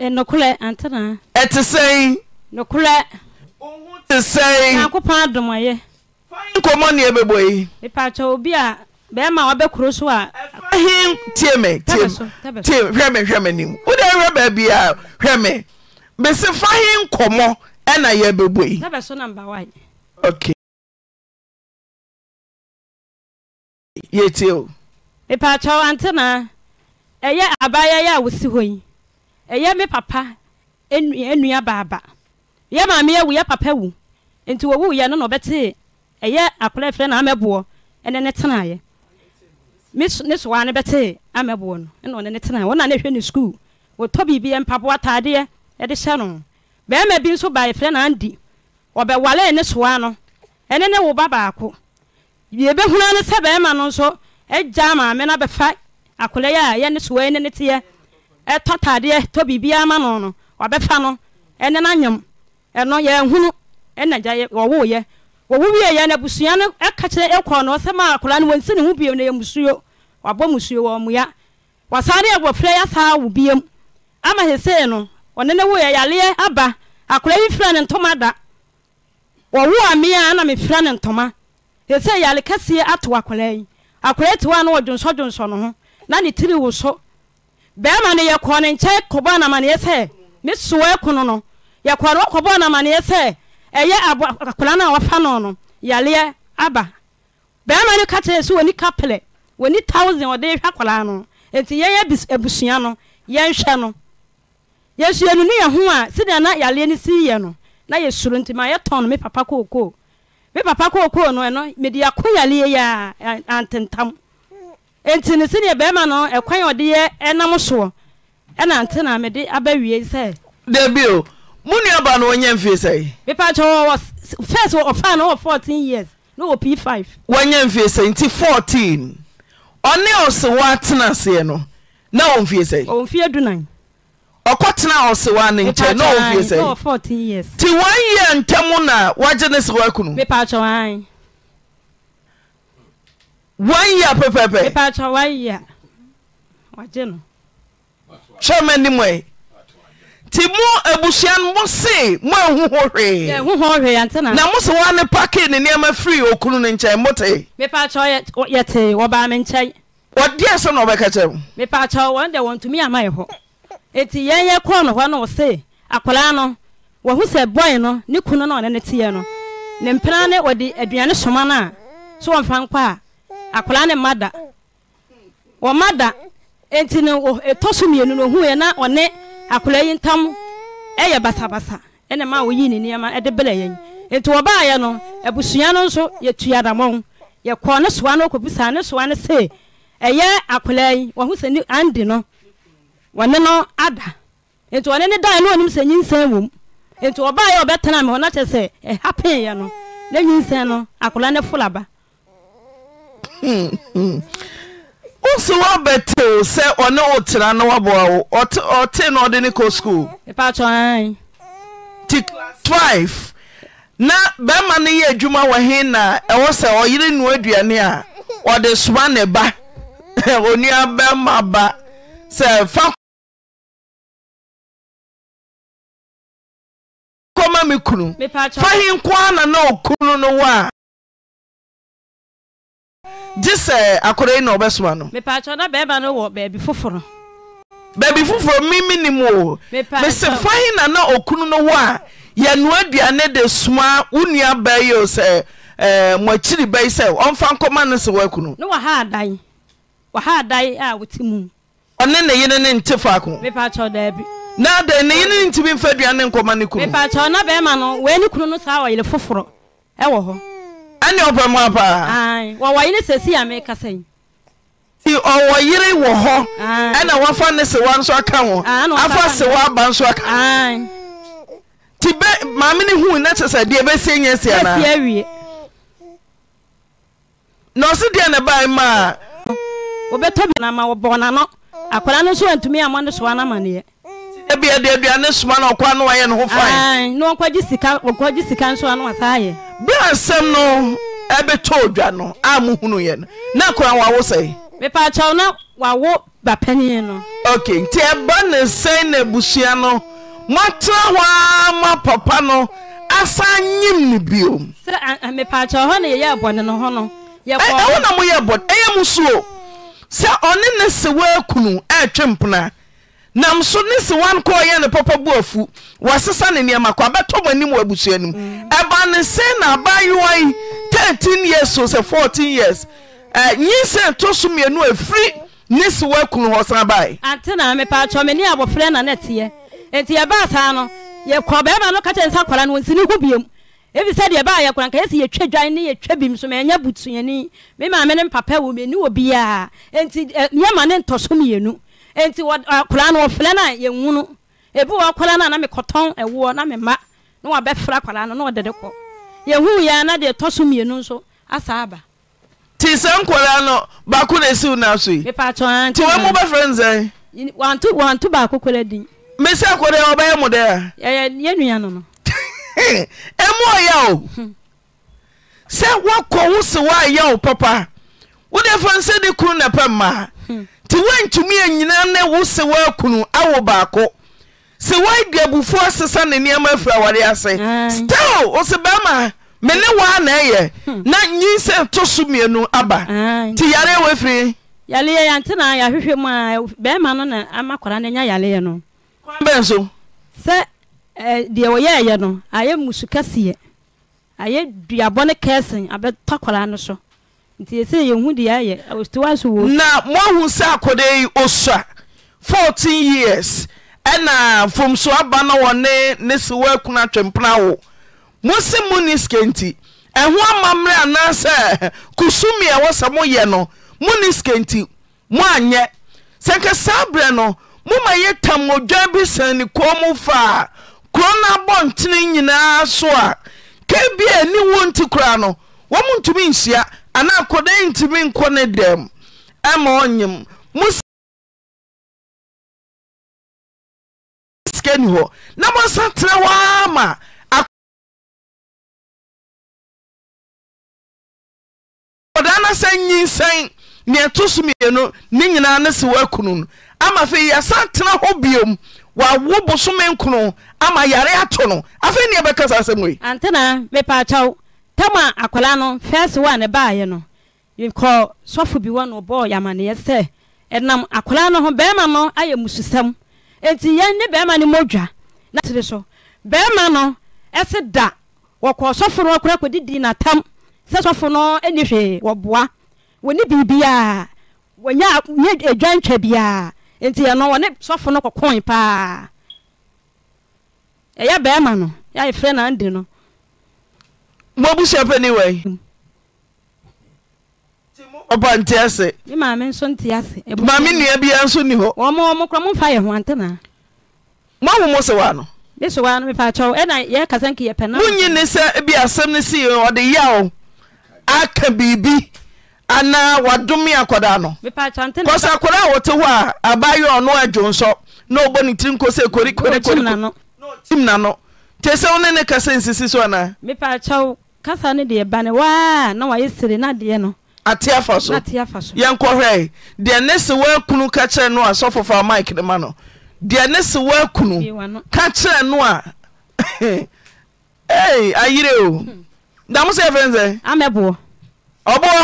ɛte sɛn ohu te sɛn nkɔmmɔ nneɛ bɛbɔ yifahe tie me hwɛ me hwɛ m'anim wode hwɛ a hwɛ me mese fa he nkɔmmɔ ɛna yɛ bɛbɔ yi yɛtio mepaakyɛw antenaa ɛyɛ abayɛyɛ a ya hɔ yi ɛyɛ me papa nnua baaba yɛ maame awu yɛ papa wu nti wɔwu yɛ no na ɔbɛte ɛyɛ akora frɛ na amɛboɔ ɛne ne tenaeɛ ne soa ne bɛte amɛboɔ no ɛna ɔne ne tenaeɛ wɔna ne hwɛ ne skul wɔtɔ biribiɛ mpaboa ataadeɛ ɛde hyɛ no bɛrima bi nso bae frɛ na andi ɔbɛwale ne soa no ɛne ne wo ba baako yɛbɛhuna ne sɛ bɛrima no nso agya maame no abɛfa akora yɛ a yɛ ne soa ne ne teɛ ɛtɔ tadeɛ tɔ biribiaa ma no no wabɛfa no ɛne no anyam ɛno yɛ ɛna gya ɛnagya ɔwoyɛ wɔwo wieɛ no abusua no ɛka kyerɛ ɛkɔ no ɔsɛm a akora no wɔnsi ne ho biom no yɛ musuo wabɔ musuo wɔ mmua wasaa ne ɛbɔfrɛ yɛ saa wo biam ama hesee no ɔne ne woyɛ yaleɛ aba akora yi fira ne ntoma da wɔwo a mea na mefira ne ntoma hesee yale kɛseɛ ato akora yi akora ti hɔ a na wɔdwonsɔdwonsɔ no ho na ne tiri wo so bɛama no yɛkɔno nkyɛ kɔbɔ namaneɛ sɛ mesoa kon no yɛkɔne kɔbɔ anamaneɛ sɛ yɛ ka nfa n noɛbma oka k sɛ n kaplɛ us hɛ a ntiyɛbusua no yɛhwɛ no yɛnsyanu ne yɛho a sdena yaeɛ no siɛ nona yɛsurmɛtɔo mepapa mepapa ta nti ne sɛneɛ bɛrima no ɛkwan a ɔde yɛ ɛnam soɔ ɛna nte na mede aba wie sɛ da bio mo nuaba no wɔnya mfie sɛe mepa kyɛ firs ɔfaa no wɔ 14 years na wɔ p5 wɔanya mfie sɛe nti fourteen ɔne ɔsewa tena aseɛ no na ɔmfie sɛe ɔmfie dunan tena ɔsewa ne nkyɛn na ɔmfie sɛe nti wɔn yɛ ntɛm na woagye ne se woakunu mepa kyɛ one year pepepe ìpàtà one year wàjẹ nù. chairman ni mo ti mo ebusua no mo se mo ehuho hwee. ehuho hwee yante na. na mo se wa ne paki ne nneɛma firi okunu ne nkyɛn mo te. mipatɔ yɛ te wɔbaa mi nkyɛn. wɔde na ɔbɛka kyɛm. mipatɔ wɔn de wɔn tumi ama yɛ hɔ eti yɛn yɛ no hɔ na ɔse akwadaa no wɔho sɛ bɔi no ne kunu na ɔne ne teɛ no ne mpena ne wɔde aduane soma no so a. akwara ne mma da wɔma da na no ɛtɔ so mmienu na no ohuɛ na ɔne akwara yi ntam ɛyɛ basabasa ɛna ma woyi ne nneɛma ɛde bela yɛn enti wɔbaayɛ no abusua no nso yɛtua damɔn yɛkɔɔ ne soa no ɔkɔbisaa ne soa no se ɛyɛ akwara yi wɔho sɛ ni andi no wɔne no ada enti ɔne ne daeɛ no ɔnim sɛ nyinsɛn wɔ mu enti wɔbaayɛ ɔbɛtena me hɔ na kyɛ sɛ ɛhapeeɛ no na nyinsɛn no akwara ne folaba woso hmm, hmm. woabɛteo sɛ ɔne wo tera no woaboa wo ɔtee na ɔde ne kɔ skuul ti 5 na bɛrima no yɛ adwuma wɔ he na ɛwɔ e sɛ ɔyere nnua aduane a ɔde soma ne ba onua bɛrima ba sɛ fa kɔma fa he nko ana na ɔkunu no wɔ a gye akɔrɔ yi na ɔbɛsoma no baabi foforɔ memenim o mɛsɛ mese hi na na okunu no hɔ a yɛanoa aduane de soa wo nnua baa yio sɛ moakyiri bɛyi sɛ ɔmfa nkɔma no sɛ woakunu ɔne ne yene ne nte faako na dɛn ne yene ne ntimi mfa aduane nkɔma no kunu ɛne opɛ ma apaaɔe ne sɛsi mekasa ti ɔwɔ yere wɔ hɔ ɛna wafa ne sewa nso aka wɔafa sewa aba nso aka nti mamene hu na tɛ sɛ deɛ bɛse nya siana naɔse deɛne ba maui a anmaɛ ebi ɛde aduane soma na ɔkɔ ano ayɛ ne ho fan. na ɔkɔgye sika ɔkɔgye sika nso ano asa ayɛ. bí asɛm no ɛbɛtɔ odwa no a mo hunu yɛ no na kora wawo sɛ. mipa akyɛw na wawo bapanyin no. ok nti ɛba e ne nsɛn na ebusua no moatena hɔ ama papa no asa nyim ne bio. sɛ mipa akyɛw hɔ na yɛyɛ ɛbɔne no ho no. ɛwɔ na mo yɛ ɛbɔne ɛyɛ e mo suo sɛ ɔne ne sewa ekunu ɛɛtwe mpona. nam so ne si wan kɔ ɔ yɛ no pɔpa boafu wɔ asesa ne nnoɛma kɔ a bɛtɔ bɔ anim wɔ abusuanom ɛba no nsɛ na aba yoayi 13 years so sɛ 14 years ye sɛ ntɔ so manu afiri ne si wo akunu hɔ sana ba nti akora uh, no wɔfrɛ no a yɛwunu ebi wɔ akora no a na mekɔtɔn ɛwoɔ na mema na wɔabɛfra akora no na wɔdede kɔ yɛhu ya na deɛ ɛtɔ so mmienu nso asa aba ti sɛ nkɔra no baako na esiw na so yi ti wɔn mu bɛfrɛ nsɛn wanto wanto baako kora din mesi akɔda yɛ ɔbɛyɛ mo dɛ yɛ yɛ nua no no ɛmu ɔyɛ o hmm. sɛ wakɔ wo se wa ayɛ o papa wo de fɔ nsɛ de kuru na pɛ mmaa. Hmm. nti woantumi anyina ne wo se woakunu awo baako sɛ woadi abufoɔ asesa ne nnoɔma afiri aware ase stil wo se bɛima me ne waa na ɛyɛ hmm. na nyin to so mmienu aba nti yareɛ wɔ afiri yareɛ yɛntena yɛahwehwɛ mu a bɛrima no na ama anyị no nya ya no kwan so sɛ deɛ wɔyɛɛyɛ no ayɛ musu kɛseɛ ayɛ duabɔ nti yɛsɛ yɛhu deɛ ayɛ ɔtewa so wɔ na moahu sɛ akɔda yi ɔsua 14 years ɛna mfomso aba na wɔne ne se wɔ akuna atwempena wo mose mu ne sika nti ɛho amammerɛ anaasɛ kusumi ɛwɔ sɛ moyɛ no mu ne sika mo anyɛ sɛ nka saa berɛ no moma yɛ tam odwan bi sɛn ne kuro mu fa a kuro no abɔntene nyinaa so a ka bi wo nti koraa no wɔm ntumi nhyia Ana akɔdaa ntumi nkɔ ne dɛm ama ɔnyem mo sika ni hɔ na mosa tena hɔ a ma akɔdaa no sɛ nyinsɛn nea ɛto so mmienu ne nyinaa ne se woakunu no ama afei yɛsa tena hɔ biom wɔawo bosome nkunu ama yare ato no afei ne yɛbɛka saa asɛm wei antena mepa akyɛw tama akwaraa no firs wa ne baayɛ no kɔ sɔfo bi wɔ no ɔbɔɔ yɛamaneɛ sɛ ɛnam akwala no ho bɛrima no ayɛ mususɛm enti yɛn ne bɛrima no mɔdwa na tiri so bɛrima no ɛse da wɔkɔ sɔfo no ɔkora na natam sɛ sɔfo no ani hwee wɔboa wɔne biribiaa wɔnyɛ adwa ntwa biaa enti ɛno wɔne sɔfo no kɔkɔn paa ɛyɛ bɛrima no yɛayɛ frɛ nande no moabusua pani wai ɔpa nte ase ma me nnua biaa nso nni hɔ moaho mo sewaa no monyi ne sɛ bi asɛm no sii ɔde yawo aka biribi anaa wadome akɔdaa no kɔsɛ akɔdaa a wɔte hɔ a aba yɛ ɔno adwonsɔ na ɔbɔ ne tiri nko sɛ korikorim na no nti sɛ wo ne ne kasɛ nsisi so anaa kasa no deɛ bane waa na wayɛ sere na deɛ no ate afa so yɛnkɔhwɛ deɛ ne se waakunu ka kyerɛ no a sɔfofa mike ne ma no deɛ ne se waakunu ka kyerɛ no a ayere o damo sɛ yɛfrɛ n sɛ amɛboɔ ɔboɔ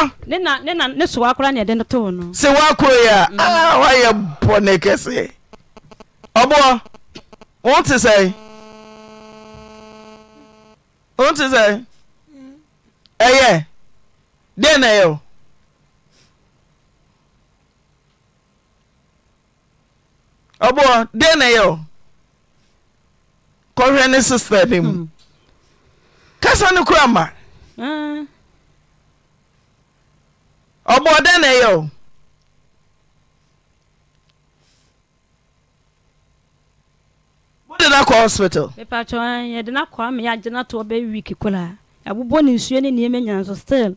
se waakoro yɛ a wayɛ bɔne kɛseɛ ɔboɔ wo te sɛ wo te sɛ ɛyɛ deɛ na ɛyɛ o ɔbɔ deɛ na ɛyɛ o kɔhwɛ ne sista hmm. ne mu kasa no kora ma hmm. ɔbɔ deɛ na ɛyɛ o wode na hospital. na abobɔ ne nsuo ne nneɛma nya nso still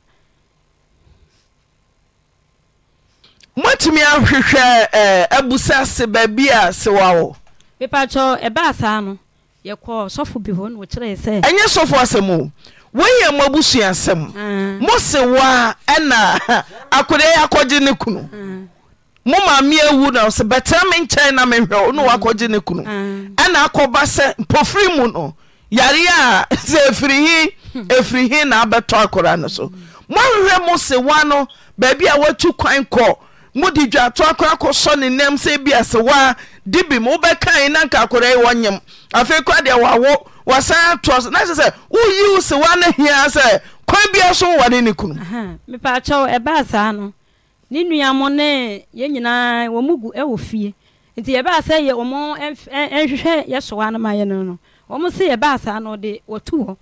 moatumi ahwehwɛ abusa eh, se baabi a sewa wo mepakyɛ ɛbaa saa no yɛkɔɔ sɔfo bi hɔ no wɔkyerɛe sɛ ɛnyɛ sɔfo asɛm o woyɛ mo abusua asɛm ah. mo sewa a ɛna akoda yɛ akɔgye ne kunu ah. mo maame awu na sɛ bɛtera me nkyɛn na mehwɛ wo ne mm. wakɔgye ne kunu ah. ɛna akɔba sɛ mpofiri mu no yare a sɛ ɛfirihi ɛfirihi na abɛtɔ akora no so moawerɛ mo sewa no baabi a woatu kwan kɔ mode dwato akora kɔsɔ ne nam sɛ bi asewa de bi m wobɛkae na nka akora yi wɔnyem afei kora deɛ wawo wasan atoa so na kyɛ sɛ woyi wo sewa no hia sɛ kwan bia so wowɔ ne ne kunu mepaakyɛw ɛbaa saa no ne nuamo ne yɛn nyinaa wɔ mu gu wɔ fie nti yɛbɛa sɛ yɛ ɔmo nhwehwɛ yɛ sowa no ma yɛ no no ɔmo sɛ yɛbaa saa no ɔde wɔto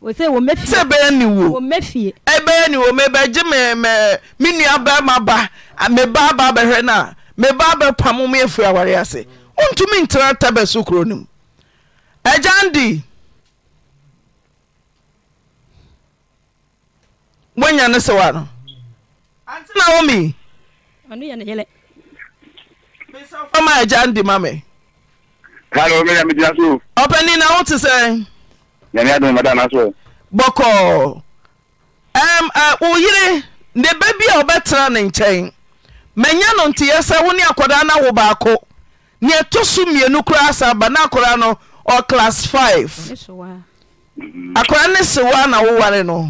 hɔ sɛ ebe ni wo ɛbɛyɛ e ni wo mebɛgye me nuabarima ba meba ba bɛhwɛ no a meba bɛpa mo me afiri aware ase wontumi ntera ta bɛso kuro e no mu agyandi woanya ne sewa no ante na womi ɔno yɛ ne yɛlɛ ma agyandi e ma me Hello, me am Medina Suf. Opening na what say? Nyame adon madam aso. Boko. Um uh oyire ne baby a obetra ne nkyɛn. Menya no nte yɛsɛ wo ne akwadaa na wo baako. Ne ɛto so mmienu kura asaba ba na akɔda no or class 5. Akɔda ne sewa na wo ware no.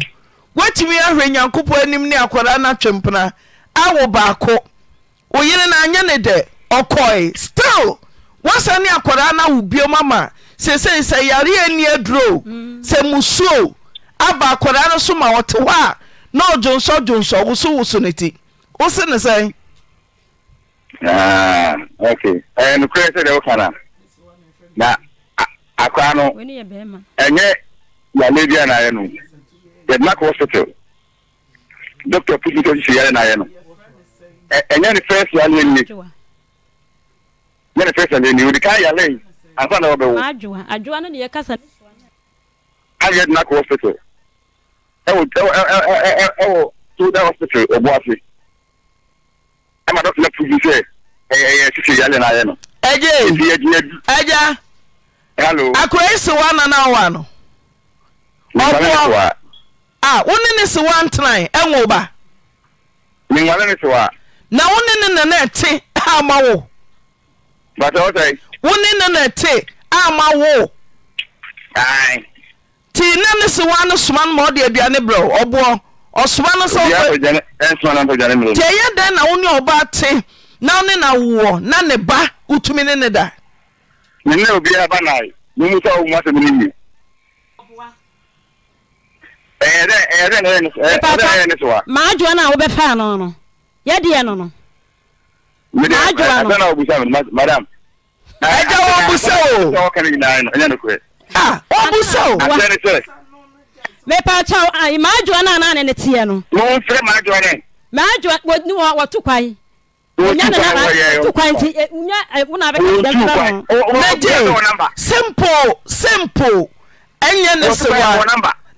Watumi ahwɛ Nyankopɔn anim ne akwadaa na twempena a baako. Oyire na anya ne dɛ ɔkɔe still woasa ne ah, eh, akwara no wo biom ama seesei sɛ yareɛ nni aduroo sɛ musuo aba akwaraa no so ma ɔte hɔ a na ɔdwonsɔ dwonsɔ woso woso no ti wo ne sɛn nokorɛ sɛdeɛ woka na na akwaa no ɛnyɛ eh, yale bia naayɛ no yɛdmak hospital dɔctor putnitɔhyehyɛ yare naayɛ no ɛnyɛ ne first yaleɛ nie ne ne fɛsɛ ne ni o de ka yala yi afa na ɔbɛ wo. adwowa adwowa no de yɛ kasa. ayɛ de n'akɔ hospital ɛwɔ ɛwɔ ɛwɔ ɛwɔ soda hospital ɔbuafe ɛma dɔkita na puju sɛ ɛyɛ ɛyɛ sisi yale na ayɛ no. ɛgye ɛgye ɛgye ɛgya. hello. akɔyi siwa nana wa no. ɔbuwa a wone ne siwa ntenan ɛnwo ba. ne nwale ne siwa. na wone ne nana ɛte ama wo. wo ne no na te ama wo ti nna ne se woa ma ɔde aduane brɛ ɔboɔ ɔsoma ọ sɛ ti ɛyɛ dɛn na wo ne ɔba te na wo ne na woɔ na ne ba da ɛjya woabusɛoobu sɛonete simp simple ɛyɛ ne sowaa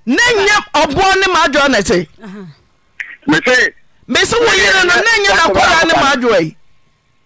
ne nyɛ ɔboa ne maadwoa ne temee mɛso mɔ yire no ne nyɛ na akɔra ne maawuai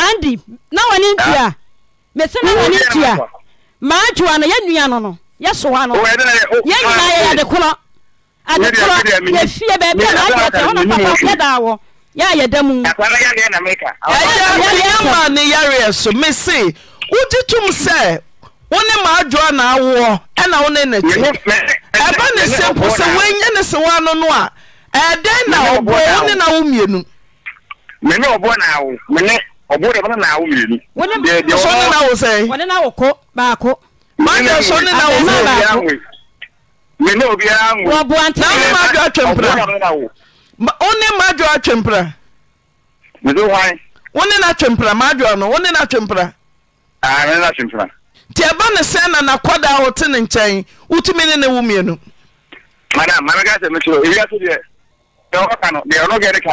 andi na wane ntua ah. mese na wane ntua maadwoa no yɛnua no no no a maadwoa te na papa yɛdaa wɔ yɛa yɛda mu ɛyɛma ne yareɛ so mese sɛ na awoɔ ɛna wo ne ɛba ne sɛ mpo sɛ woanyɛ ne sewa no no a ɛdɛn na ɔboɛ wo na wo mmienu mene ɔboɔ na awo mene ọbụrụ na na-awụ sọ ne na-awụ sị. ọ na-awụ kọ baako. mmadụ sọ awụ sị baako. obiara anwụ? wọ bụ antị. na ọnụ mmadụ atwempra. ọnụ mmadụ atwempra. mmadụ nwanyị. ọnụ na-atwempra mmadụ ọnụ ọnụ na aa ọnụ na-atwempra. tí ẹ bá ne sẹ́n na n'akọ́dà a nkyɛn gaa na ase deɛ deɛ ka no deɛ ka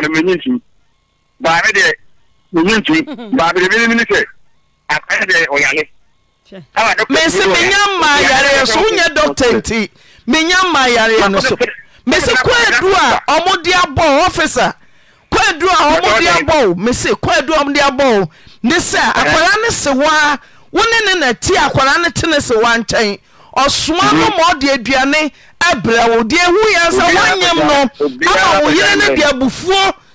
nyinti baabiribiri mini sɛ akɔyɛ dɛ ɔyare. mesi menya mmaa yareɛ so wonyɛ dɔkta nti menya mmaa yareɛ no so mesi kwaadu a ɔmo de abɔ wo ɔfisa kwaadu a ɔmo de abɔ wo mesi kwaadu a ɔmo de abɔ wo ne sɛ akwara ne se waa wo ne ne na ti akwara ne te ne se waa nkyɛn ɔsoma no mhm. ma ɔde aduane ɛbrɛ wo deɛ ehu yɛn sɛ wanyam no ama wo yere ne de abufuo.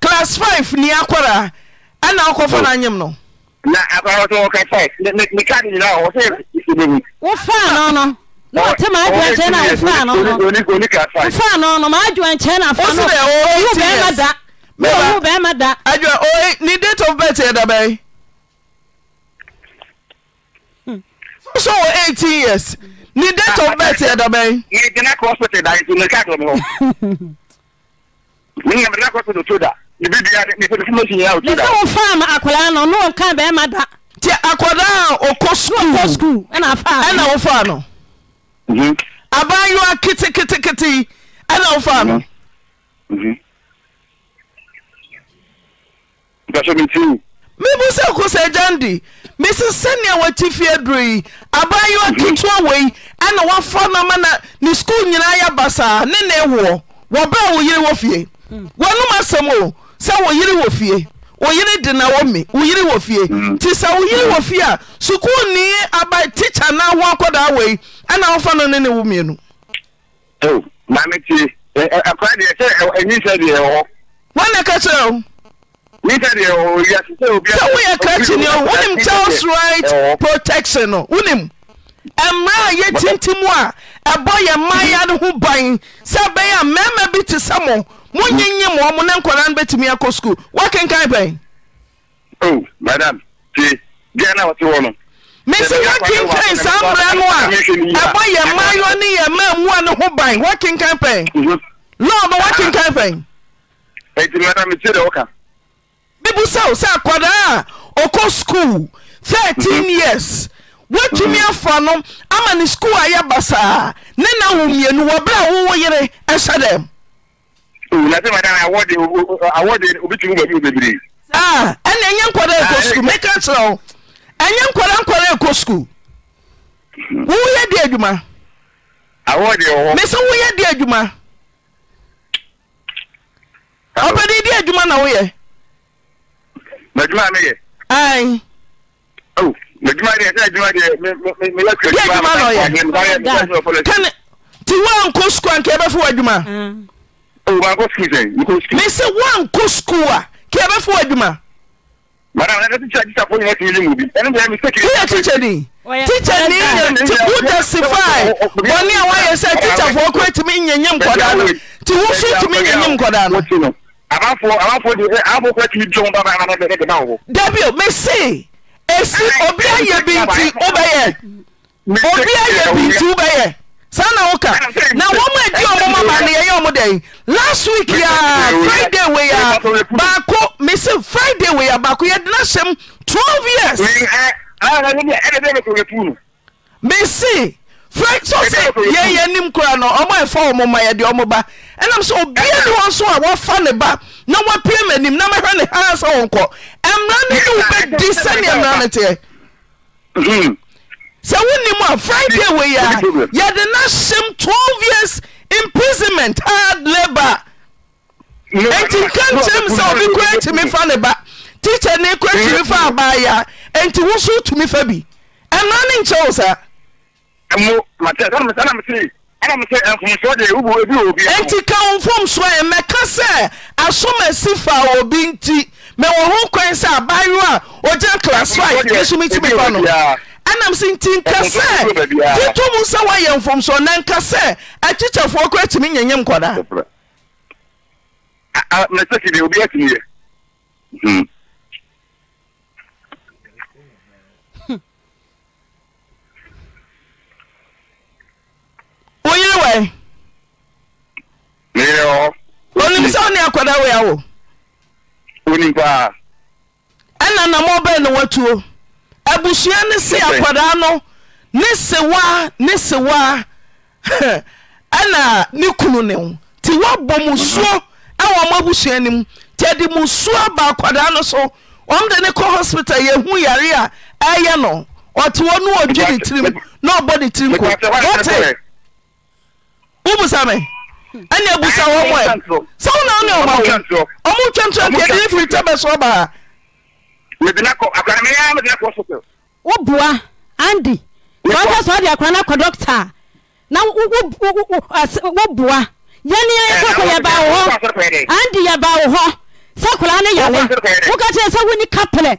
class 5 ni akwara ana wokɔfa oh. no anyem no wofaa no no oh, oh, na ɔtem adwenkyɛn na wofaa no nowofaa no no ma adwenkyɛn na afa no ɔwu bɛrima da mewu ma da oye, n'i date of birth yɛ da bɛn hmm. so wɔ 18 years ne ah, date of birth yɛ da bɛn ne nyame na akɔto no to da ne bi dua ne fɛ fɛn si nyinaa o to da. ne ko fa ma akwadaa no ne wɔn kan bɛrima da. ti akwadaa a okɔ sukuu okɔ sukuu ɛna afa ano ɛna wofa mhm. ano. abaayewa kitikitikiti ɛna wofa ano. mpɛsɛ mhm. mhm. mi ti o. mebu sɛ kosɛ gyandi mesi sɛnea wɔkyi fie duro yi abaayewa ketewa wei ɛna wafa no na ne skuul nyinaa yɛ basaa ne ne woɔ wɔbɛɛ wo yere wɔ fie w'anom asɛm o sɛ wo wɔ fie wo de na wɔ wɔ fie mm. nti sɛ wɔ fie a sukuulni aba tikya na ho akɔdaa wei ana wofa no ne ne wo mmienu oh, wane ka kyerɛ o sɛ woyɛ krakyini o wonim charles right protection no wonim ɛmmara a yɛ tintim a ɛbɔ yɛ no ho ban sɛ mmarima bi te sɛ mo monyenye mmoɔ mo ne nkɔda no bɛtumi akɔ skuul woakenkan pɛn oh, madam tie deɛ na wɔte hɔ no mesi woakenkan saa mmara no a ɛbɔ yɛ mmaayɔ ne yɛ ma mmua no ho ban woakenkan pɛn mhm. law no woakenkan pɛn ɛnti madam tie deɛ woka bibusa wo sɛ akwadaa a ɔkɔ thirteen mhm. years wotumi mhm. afa no ama ne skuul ayɛ basaa ne na wo mmienu wɔ berɛ a yere ɛhyɛ dɛm Ah, ɛna ɛnyɛ nkwada ɛkɔ ah, skul eh, meka kyerɛ wo ɛnyɛ nkwada nkwada ɛkɔ skul hmm. woyɛ de adwuma me sɛ woyɛ de adwuma ɔpɛde de adwuma na woyɛ ai oh, de adwuma na ɔyɛ nti woankɔ skul anka yɛbɛfo w'adwuma mm. Oh, me sɛ woankɔ skuul a kɛ bɛfa w'adwuma woyɛ tikyani tikyani wodasifae bɔne a woayɛ sɛ tikyafoɔ kora tumi nyanyam nkɔdaa no nti wo so tumi nyanyam nkɔdaa no dabio mese ɛsi obi ayɛ bi nti wobɛyɛ obi ayɛ bi nti wobɛyɛ saa na woka na wɔma adi ɔmoma ma ne yɛyɛ ɔmo last week yaa frida weyia baako mɛse frida wey a baako yɛde na hyɛm tw years mese fsɛsɛ yɛyɛ nim kora noɔmɔɛfa e moma yɛde ɔmoba ɛnam sɛ obia ne wɔ so a woafa ne ba na woapia m anim na mɛhɛ ne ha hmm. sɛ wɔnkɔ mra ne ne wobɛdi sɛne mmera no teɛ sɛ wonni a frida wea yɛde na hyɛm tw years imprisonment hard labour enti nka nkyerɛm sɛ obi koraa tumi fa ne ba tikya ne kora tumi fa abaayaa enti wo so tumi fa bi ɛna ne nkyɛ wo saa enti ka wo mfomsoɔ ɛ mɛka sɛ asom asi fa obi nti mɛwɔ ho kwan sɛ abaayewa a ogya klaso a yɛtumi tumi fa no ɛnam so nti nka sɛ gye to mu sɛ woayɛ mfomsoɔ na nka sɛ akyikyɛfoɔ kora atumi nyɛnyɛ nkɔdaa mɛsɛsi deɛ obi atumi yɛ hmm. wo yere wɛ meyerɛ sɛ wone akɔda wei awo onim paa na mɔbɛn watuo ebusua ne se akwadaa no ne sewaa ne sewaa ɛna ne kunu ne nti woabɔ mu mhm. ɛwɔ ma abusua no mu nti mu akwadaa no so ɔm de ne kɔ hospital yare a ɛyɛ no ɔte wɔ no wɔdwe ne tirim na ɔbɔ ne tirim sɛ ɔmo twɛntwɛn firi so ɔbaa ba sd oba y akawn kape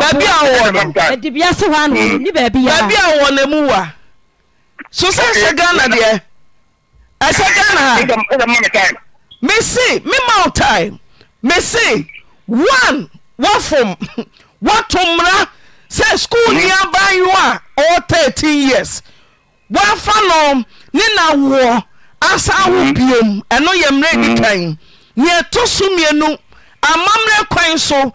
Hmm. baabi a wɔ no baabi a wɔ na mu wa so sɛ ɛhyɛ ghana deɛ ɛhyɛ ghana ha mesi mema wo time mesi one wafom wato mmara sɛ skuul hmm. ni abayewa a ɔwɔ 13 years wafa no ne nawoɔ asa hmm. awo biom ɛno yɛ mmerɛ di kan neɛ ɛto so mmienu amammerɛ kwan so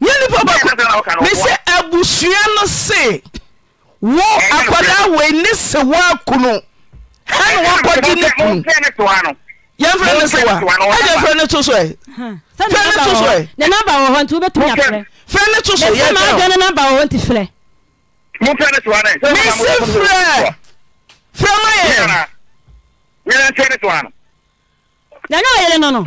nyɛ nnipa bakomesɛ abusua no se wo akwadaa wei ne se woakunu hane woakɔgye ne kunu yɛmfrɛ ne se wa ɛde frɛ ne to so ɛ frɛ ne to so ɛ ne namba wɔ hɔ nti wobɛtumi afrɛ frɛ ne to so yɛ maadwa ne namba wɔ hɔ nti frɛ mesi frɛ frɛ ma yɛ nana ɔyere no no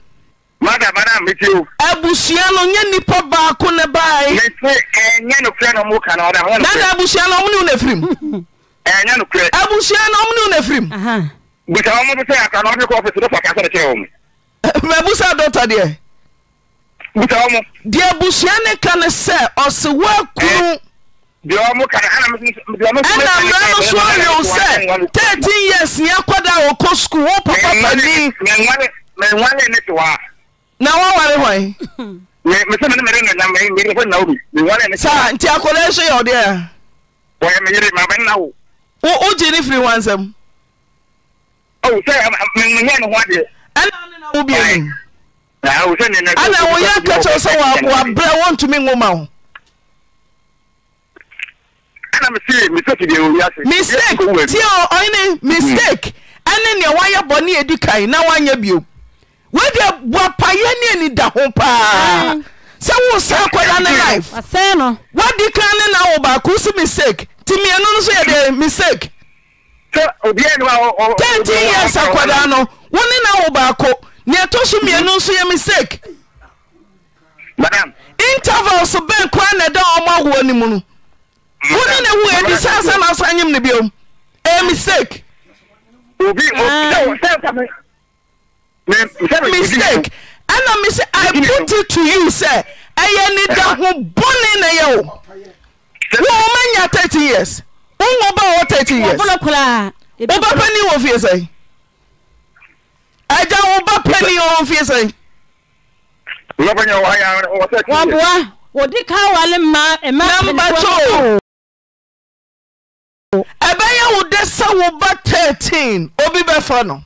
madam madam mi ti o. abusua no nye nipa baako ne baayi. mese ẹ nye no kura na ọmọ kan na ọdọ àwọn. dada abusua na ọmọ ni wọn efirim. ẹ nye no kura. abusua na ọmọ ni wọn efirim. busa ọmọ bi sẹ yàtọ na ọdún kọ ọfiisi lọfà kásán kẹ ọmọ. mẹ busa dọta deɛ. busa ọmọ. deɛ busua ne ka ne sɛ ɔsi wɔ kunu. deɛ ɔmɔ kan ɛna mi ɛna mmerɛ no so ɔyɛ o sɛ thirteen years yɛ kɔda wɔ kɔ sukuu wɔ papa panin. mɛ nwa mɛ nwa ne ti wa. na woaware hɔnsa nti akɔdɛ syɛ yɛ wodeɛa wogye ne firi wa sɛmɛo ana woyɛ katɛw sɛ wo aoaberɛ wɔ ntumi nwoma womisakenti ɔene mistake ɛne nea woayɛ bɔne ɛdi kae na woayɛ biom wode boapayɛ ne ani da ho paa sɛ wosan kɔda ne life wode ka ne na wo baako so mistake nti mmienu e no so yɛde mistake tɛntin years akɔdaa no wo ne na wo baako nea ɛtɔ so mmienu nso yɛ mistake interval so bɛn koraa na ɛda ɔmo ahoɔ no mu no wo ne na wo adi saa sa na asa nyem ne biom ɛyɛ mistake obi obi sɛ sɛ mistake ɛna me sɛ i put it to you sɛ ɛyɛ nida ho bɔne na ɛyɛ wo wo woma nya 30 years wonwo ba wɔ thirty years wobɛpɛ ni wɔ fie sɛe agya wo ba pɛ ni wɔ fie sɛe wɔboa wɔde ka wale ma ɛma ɛbɛyɛ wo dɛ sɛ wo ba 13 obi bɛfa no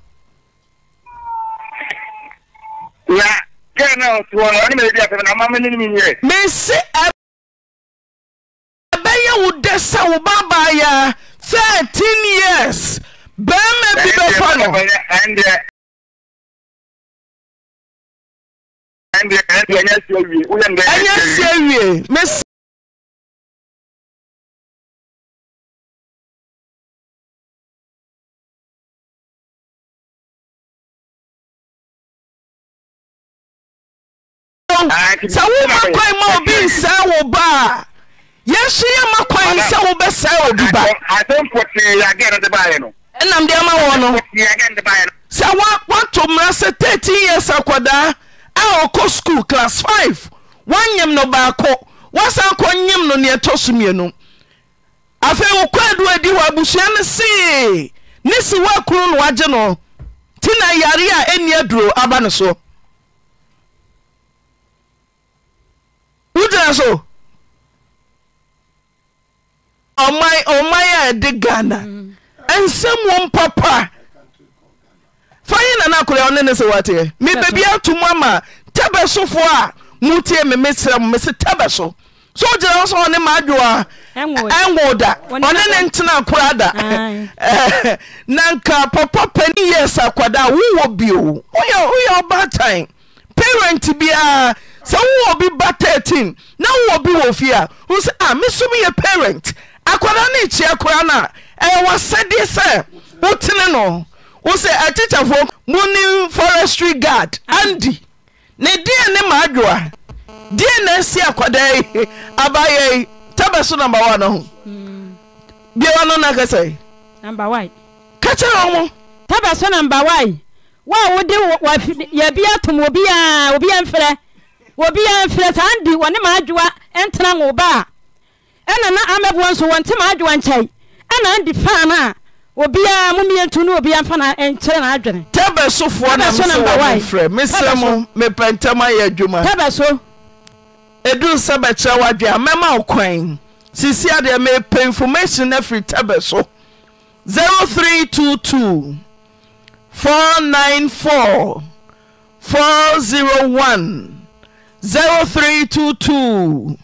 mes ɛbɛyɛ wo da sɛ wo babaayɛa years bɛma bi bɛfɔ noy sɛ woma kwan ma obi nsɛe wo ba a yɛso yɛma kwan sɛ wobɛsɛe obi ba ɛnam deɛ ma wɔ no sɛ woato mmara sɛ 13 years akɔdaa a ɔkɔ skuul class 5 woanyim no baako woasan kɔ nyim no neɛ ɛtɔ so mmienu afei wokɔaduɔ adi hɔ abusua no see ne si woakunu no woagye no nti na yare a ɛnni aduro aba no so Mm. wogyina so ɔmaaɛde hana nsɛm ɔmpapaebiam ama ɛɛsofoɔ a mote meeɛmee tɛɛsosogyirɛoɔne a odanneaadapɛnɛ a awoɔ bo oɛ ɔaaparent biaa sɛ wowɔ bi ba 13 na wowɔ bi wɔ fie a wohu sɛ a ah, mesom yɛ parent akwadaa ne kyia koraa no a ɛyɛ wɔsɛdeɛ sɛ wotene no wo sɛ eh, atikyafoɔ mone forestry guard Andy. ne deɛ ne maadwoa deɛ na asi akwadaa yi abayɛi tabɛso number one ho hmm. biawa no na kɛsɛ number one ka kyerɛ wɔ mo tabɛso number one wo a wode yɛbi atom obiaa obia mfrɛ obiaa mfirɛ saa n di wɔne ma adwowa ntena wo ba a ɛna na amɛboɔ nso wɔntema adwowa nkyɛe ɛna ndi faa no a obiaa momiɛ ntom no obia fannkyerɛ noadwene tɛ bɛsofoɔ nfrɛ mesɛmmepɛntɛmayɛ adwum du sɛ bɛkyerɛ wdwea mɛma wokɔn sisiadeɛ meepɛ information n afiri tɛ bɛ so 0322 49401 0ert3 t tw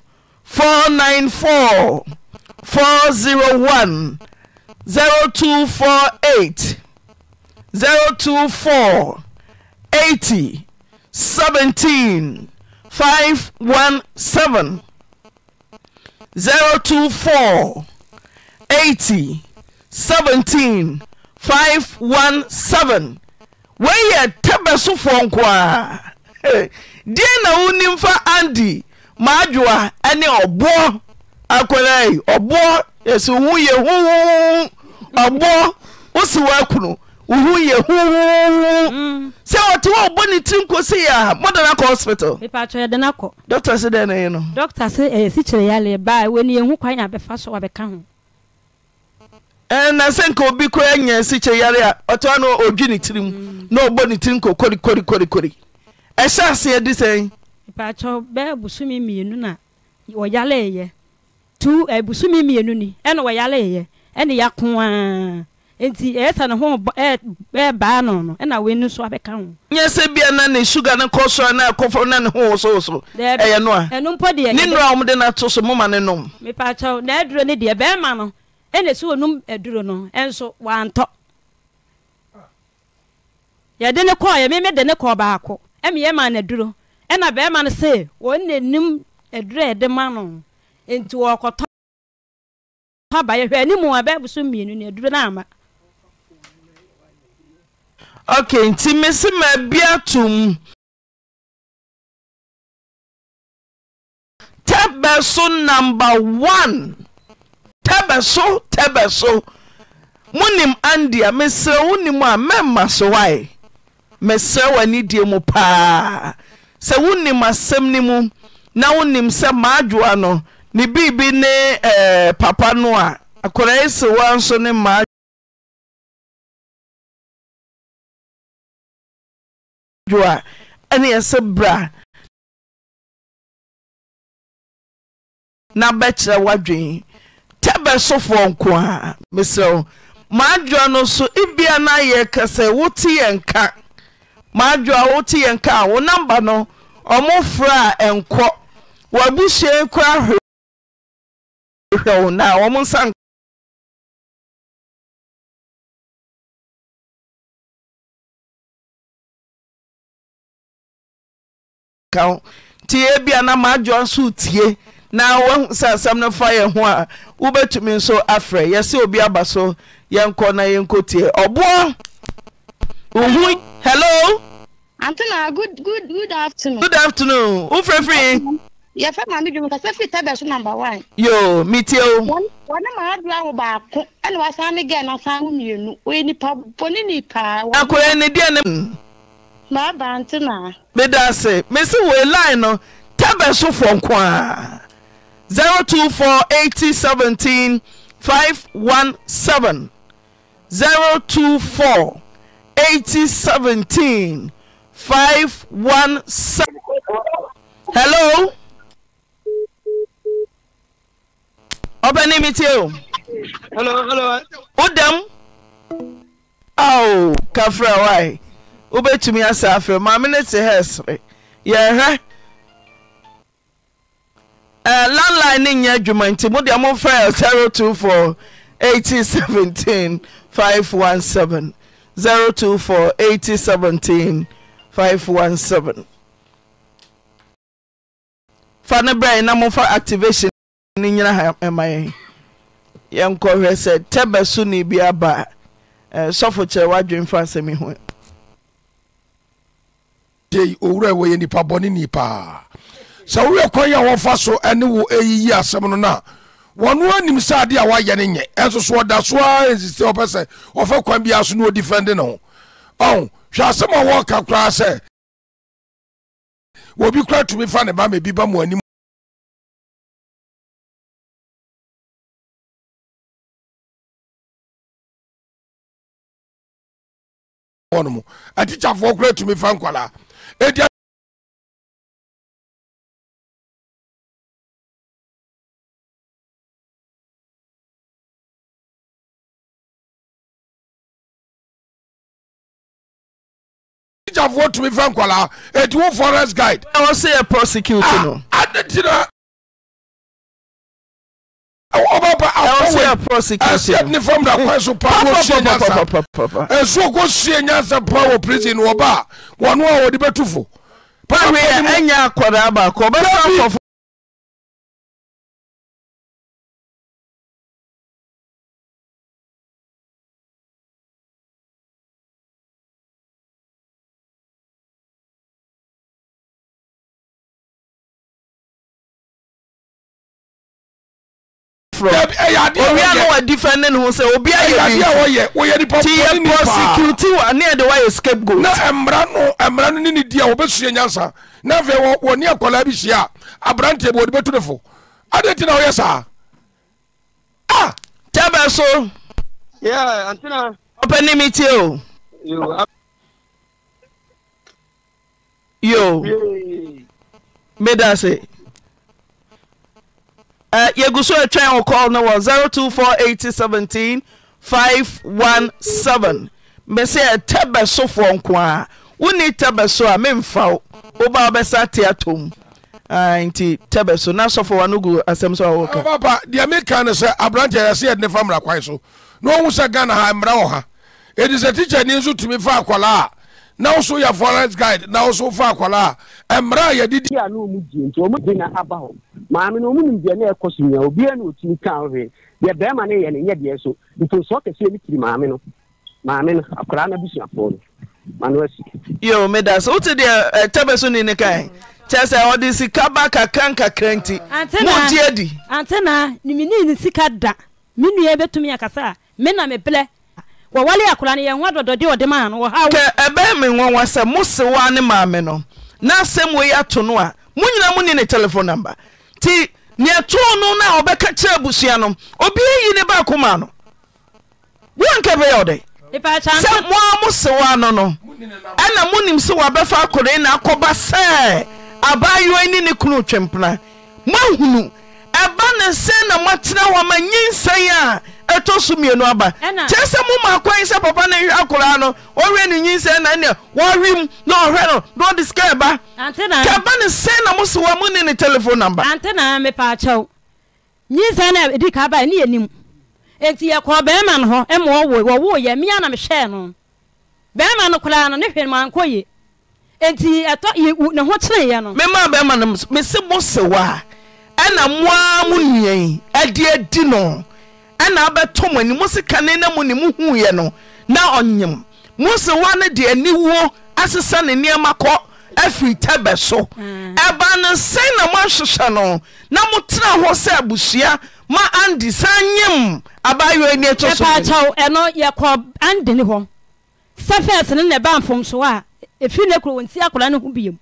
f nine f f zeron zer t f eigt zer t f eihty seventeen five one seven zertf eity sventeen fiv one seven we yɛ tɛ bɛsofoɔ nko a deɛ na wonim fa andi maadwoa ɛne ɔboɔ akwanai ɔboɔ yɛsɛ wohu yɛ ho ɔboɔ wo se woakono wohu yɛ ho sɛ wɔte wɔ ɔbɔ ne tiri nko yɛ a mɔda akɔ hospital dɛn no na sɛ nka obi koraa a ne tiri mu mm. na ɔbɔ ne nko kori kori kori ɛhyɛ aseɛ de sɛn mpakyɛ bɛɛ bosome mmienu na wɔyaleeyɛ tu abosome mienu ni ɛna wɔyaleeyɛ ɛne ya a Eti ɛsɛ ne ho ɛbaa baa no ɛna w'ani nso abɛka ho nyɛ sɛ bia na ne suga no kɔ soa na akɔfɔ na ne ho wosowoso ɛyɛ no a ɛno mpo deɛ ne nnura a wɔmde na ato so moma ne nom mepakyɛw na aduro ne deɛ bɛrima no ɛna ɛsi wɔnom aduro no ɛnso wantɔ yɛde ne kɔɔ yɛ meme de ne kɔɔ baako meyɛ ma no duro ɛna bɛrima no sɛ wɔnna nim aduro ɛde ma no nti wɔkɔtɔ abayɛ hwɛ anim a bɛɛbo so mmienu ne aduro no ama ok nti me se ma bi atom tɛbɛ so number one tɛbɛ so tɛbɛ so monim andia mesrɛ wo nim a mɛmma so wae mesrɛ w'anidie mu paa sɛ wonim asɛm no mu na wonim sɛ maadwoa no ne biribi ne eh, papa no a akɔrae se woa nso ne maa dwoa ɛne yɛ bra na bɛkyerɛ w'adwene tɛ bɛsofoɔ nko a mesrɛ wo maadwoa no so ebia na yɛ kɛ wote yɛ nka maadwoa wote yɛ nka a wo namba no ɔmofrɛ a ɛnkɔ wɔabusua kora hwehwɛ wo na ɔmo nsa nka bia na maadwoa nso tie na woahu sɛ asɛm no fa yɛ ho a wobɛtumi nso afrɛ obi aba so yɛnkɔ na tie ɔboa Hello. Hello. Antina, good good good afternoon. Good afternoon. Who free free? Yẹ fẹ́ maa mi dùn kasa fi tẹ́bẹ̀ so number one. Yo, mi ti o. Wọ́n ní màá dùn àwọn baako ẹni wàá sá ní gẹ̀ẹ́nà sáà ń mìínú. Oye nípa bọ̀ ní nípa. Akọ̀yẹ ni díẹ̀ ni. Màá bá Antina. Mi da ase, mi si wo line no, tẹ́bẹ̀ so fọ̀ a. zero two four eighty seventeen five one seven zero two four. iwodɛm kafrɛ w wobɛtumi asaa afrɛ maame ne te hɛ sere yɛhɛ lan li ne nnya adwuma nti mo deɛmofrɛ se24 87 517 zero two four eighty seventeen five one seven. fa ne berɛ na momfa activation ne nyina ha ɛma yɛn yɛnkɔhwɛ sɛ tɛbɛ so ne bi aba sɔfo kyerɛ w'adwen fa asɛm yi ho dei owura wɔyɛ nipa bɔne ni paa sɛ woyɛ kwan yɛ wɔfa so ne wo ɛyiyi asɛm no no wɔn anim sɛ adeɛ a wayɛ no nyɛ ɛnso so ɔda so a nsisi ɔpɛ sɛ ɔfɛ kwan bi aso na ɔdi fɛn de ne ho ɔn hwɛ asɛm a wɔɔka koraa sɛ obi kora tumi fa ne ba ma ebi ba mu anim wɔnom atikyafoɔ kora tumi fa nkwalaa edi sikafoɔ tumi fɛ nkɔlaa eti wo forest guide. ẹ wọ́n sẹ́ yẹ prosecute nù. adi ti na. ọba pa awọ wẹ ẹsẹ ní fọm da kwan so paa wọ sie nyansa esu oko sie nyansa paa wọ prison wọ ba wọn a wọde bẹ tu fo. paa mi yẹ ẹ nya akwadaa baako ọbẹ fà fọfọ. foforɔ obiara no wɔ different ne ne ho sɛ obiara yɛ bi ti yɛ prosecute wa ne yɛ de wa yɛ scapegoat. na mmara no mmara no ne ne di a wɔbɛsua nyansa na afei wɔ wɔ ne akwadaa bi hyia aberanteɛ bi wɔde bɛtu ne fo adeɛ ti na wɔyɛ saa a. tẹ́bẹ̀ so. ọpẹ ní mi tí o. yo. yo. mi da se. Eh, yɛgu so atwan wo call no wɔ 0248017 517 mɛ sɛ ɛtɛ bɛ sofoɔ nko a wonni tɛ bɛ so a memfa wo woba wobɛsa te atom ah, nti tɛ bɛ so na sɔfo wa no gu asɛm so a eh, papa deɛ meka e no sɛ aberante yɛsɛ yɛde ne fa mmara kwan so na ɔhu sɛ ghana ha mmara wɔ ha ɛdi sɛ tikya ni nso tumi fa akwalaa a na woso yɛ forest guide na woso fa akwaraa mmerɛ a yɛde di. a n'omu die nti ɔmu di na aba hɔ maame na ɔmu nim deɛ na ɛkɔ so nyinaa obiara na otumi kan hwee deɛ bɛrima no yɛ ne nyɛ deɛ so ntonsɔ kɛseɛ ne tiri maame no maame no akwaraa na busuafoɔ no maame asi. yoo meda so wote deɛ ɛtɛbɛ so ne ne kan kyɛ ɔde sika ba kakra nkakra nti mo di adi. antena nimini ni sika da mi nua bɛtumi akasa mi na mi blɛ. wɔwale akora no yɛwa dɔdɔde ɔde maa no wɔhaw kɛ ɛbɛɛ me nwɔwa sɛ mo se woa ne maame no na asɛm wei ato no a mo nyina mo ni ne telefone number nti neɛtoo no no a ɔbɛka kyerɛ abusua no obia yi ne baako maa no woankɛ bɛyɛ ɔdɛn sɛ moa mo no no ɛna monim sɛ wɔabɛfa akɔre na akɔba sɛ abaayoa ni ne kunu twempena moahunu ɛba ne sɛ na moatena hɔ ma nyinsɛn a ɛtɔ so mmienu aba kyɛɛ sɛ moma kwan sɛ papa no hwɛ akoraa no ɔhwɛ ne nyinsɛ na nea wɔwem na ɔhwɛ no na ɔde sika ɛba kɛba ne sɛn na mose wa mone ne telefone number nyinsa no bɛrima no hɔ yɛ mmea na mehwɛɛ no bɛrima no koraa no ne hwɛ no mankɔ ye ɛtɔ ne ho kyereeɛ no memaa bɛrima no mese ɛna no ɛna wobɛtɔ mo ani mo sikane na mu ne muhuuiɛ no na ɔnyem mose woa no de aniwuo asesa ne nnoɔma kɔ afiri ta bɛ so mm. ɛba no sɛn na moahwehwɛ no na tena hɔ sɛ abusua ma andi saa nyem abayɔ ani to soɛpaakyɛw ɛno yɛkɔ andene hɔ sɛ fɛɛse no ne ɛba mfomsoɔ a ɛfiri no kuro wɔnti akora ne ho biom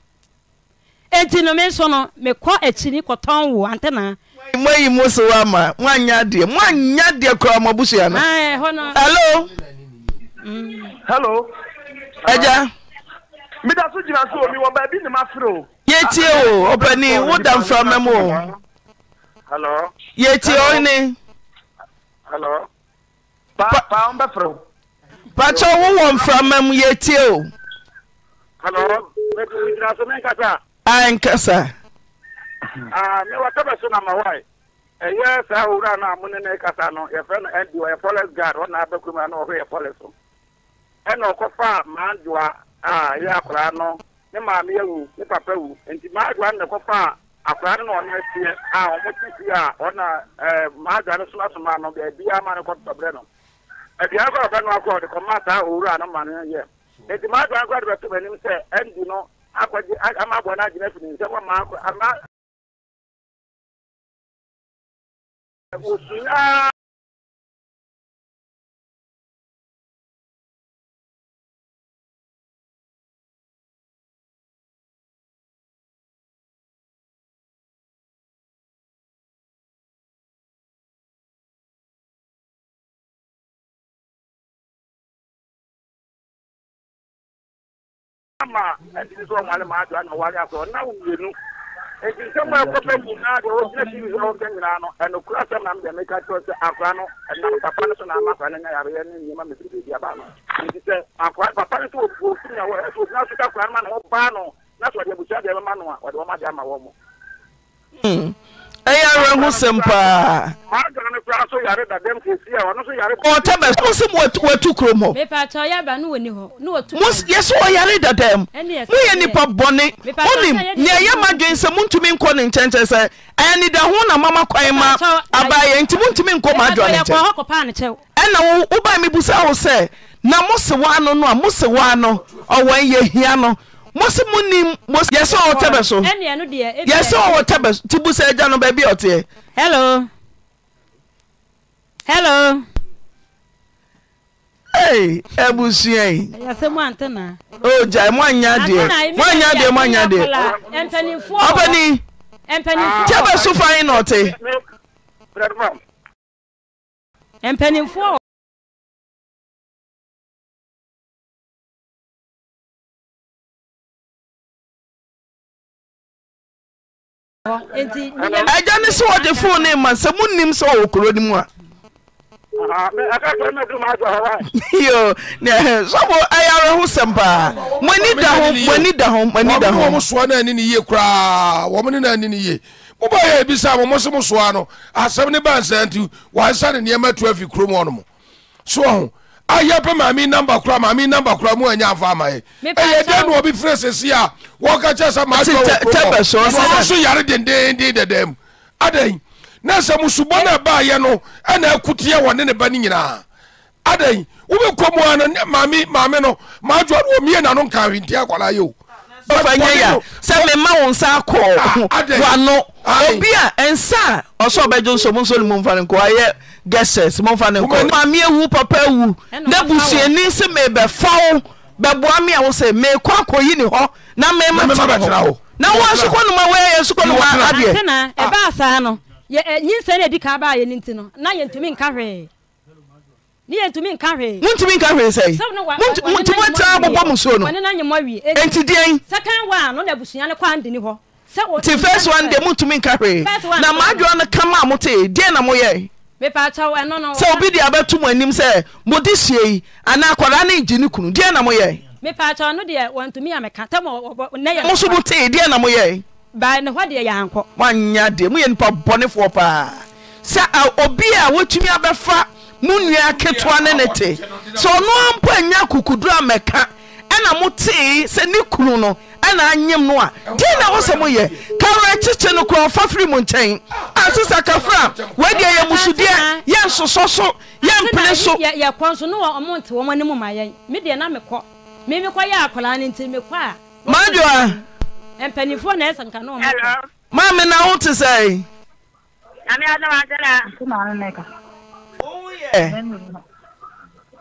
enti nome nso no mekɔ akyini kɔtɔn wo antanaa mweyi musowa ma mwanya deɛ mwanya deɛ kora ah, eh, mm. ah, ma busu ya no hello hello agya meda so gyina so omi wɔ baabi ne mafere o yɛtie o ɔpani woda mframa mu o yɛtie ɔne pakyɛ wowɔ mframa mu yɛtie o ankasa Ah, wɔtɛbɛso na e. ɛyɛ saa owura no a mo ne ne kasa no yɛfrɛ no ɔyɛ guard ɔna a na ɔhwɛ yɛ fɔlɛs so ɛna ɔkɔfa maadwoa a yɛ akwaraa no ne maame awu ne papa wu nti no na ɛkɔfa akwaraa no na ɔne a ɔmo fie a ɔna ɛɛ no no ama no kɔtɔ brɛ no ɔbɛ no akɔ ɔde kɔma saa owura no ma no yɛ nti maadwoa no kora de sɛ no akɔgye ama abɔ no agyina fi oṣù náà. ama ɛdini sɔrɔ maa ni maa do a na wari a sɔrɔ n'a wuli nti nsɛm a ɛkɔpɛ nyinaa deɛ wɔgyina tv so na wɔka nyinaa no ɛnokora asɛm na mede meka kyerɛ sɛ akora no ɛnam papa no so na ama akora no nya yareyɛ ne nneɛma mefiri baabi aba no nti sɛ akora papa no sɛ ɔfiri na sɛ ɔgyina so ka akora no ma na wɔbaa no na sɛ ɔde abusua deɛ bɛma no a ɔde wɔma de ama wɔ mo hmm. ɛyɛ awerɛ ho sɛm paa ɔtɛ kurom hɔyɛ sɛ dadam moyɛ nnipa bɔne monim nea ɛyɛ ma dwen sɛ montumi nkɔ ne nkyɛnkyɛn sɛ ɛyɛ ne da ho na mama kwan ma abaayɛ nti montumi nkɔ ma adwa ne nkyɛn ɛna wobae mebusa wo sɛ na mo no no a no ɔwɔ mose munim mose yɛsɛ ɔwɔ tɛbɛ so yɛsɛ ɔwɔ tɛbɛ so ti bu sɛ agya no baabi ɔteɛ. hello hello. ee ebusua yi. yasẹ mu antena. o ja mu anya deɛ mu anya deɛ mu anya deɛ. mpanyinfoɔ ɔpɛni. mpanyinfoɔ so fan na ɔte. mpanyinfoɔ. ɛgya ne sɛ wɔde fo ne ma sɛ monnim sɛ ɔwɔ kuro no mu a yo sɔfo ɛyɛ awerɛho sɛm paa moani da ho moani da ho moani da ho mosoa no ani ne yie koraa wɔm ne no ani ne yie mobɛyɛ bisa mo mo se mosoa no asɛm ne ba nsɛ nti wɔansa ne nneɛma tu afi kurom hɔ no mo so ɔho ayɛ pɛ maame namba kora maame namba kora mu anya afa ama yɛ ɛyɛ dɛn na ɔbi fira sisi a wɔka kyɛ sɛ maa tɔ wɔ kɔkɔ wɔn so yare dendenden dɛdɛm mu adan na sɛ musubɔ na ɛba ayɛ no ɛna ɛkuteɛ wɔ ne ne ba ne nyinaa adan wobɛ kɔ mu ano maame maame no maa jɔ no omie na no nka ahwinti akɔla yɛ o. ɔfanyɛya sɛ mema wo nsa akɔ wano obi a ɛnsa a ɔsɛ ɔbɛgye nsomu nso ne mu mfa no nkɔ ayɛ gɛsɛs momfa ne nkɔmame wu papa wu na busuani sɛ mebɛfa wo bɛboa me a wo sɛ meekɔ akɔyi ne hɔ na mematena hɔ na woa sokɔ noma woɛyɛ sokɔ noma adeɛ ɛbaa saa no nyinsɛ no adi ka baa yɛ no nti no na yɛntumi nka hwee montumi nka hwee nti moatira bobɔ mo suo no enti deɛn nti first one deɛ montumi nka hwee na maadwoa no kama a motee deɛn na moyɛe Eh, sɛ obi de abɛto mo anim sɛ mode sie yi anaa akwadaa ne ngye ne kunu deɛ na moyɛ mo so mo tee deɛ na moyɛ moanya deɛ moyɛ nipa bɔnefoɔ paa sɛ obi a wotumi abɛfa mo nua ketewa ne ne te sɛ ɔno ampo anya akukuduro a mɛka ɛna motee sɛ ne kunu no ɛnaayem no a deɛnɛ wosɛ moyɛ kawrɛ kyekye no kora fa fri mu nkyɛn anse sakafra waadia yɛ musodeɛ yɛ nsoso so yɛmpeesoɛn ɛ mawa ma mena wo te sɛ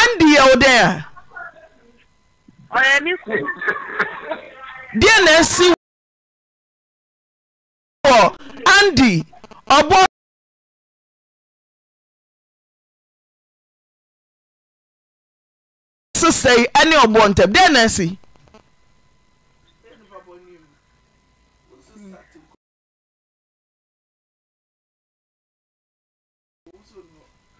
andi yɛwo dɛn a deɛ na asi wɔ andi ɔboɔ sesɛe ɛne ɔboɔ ntɛm deɛ na asi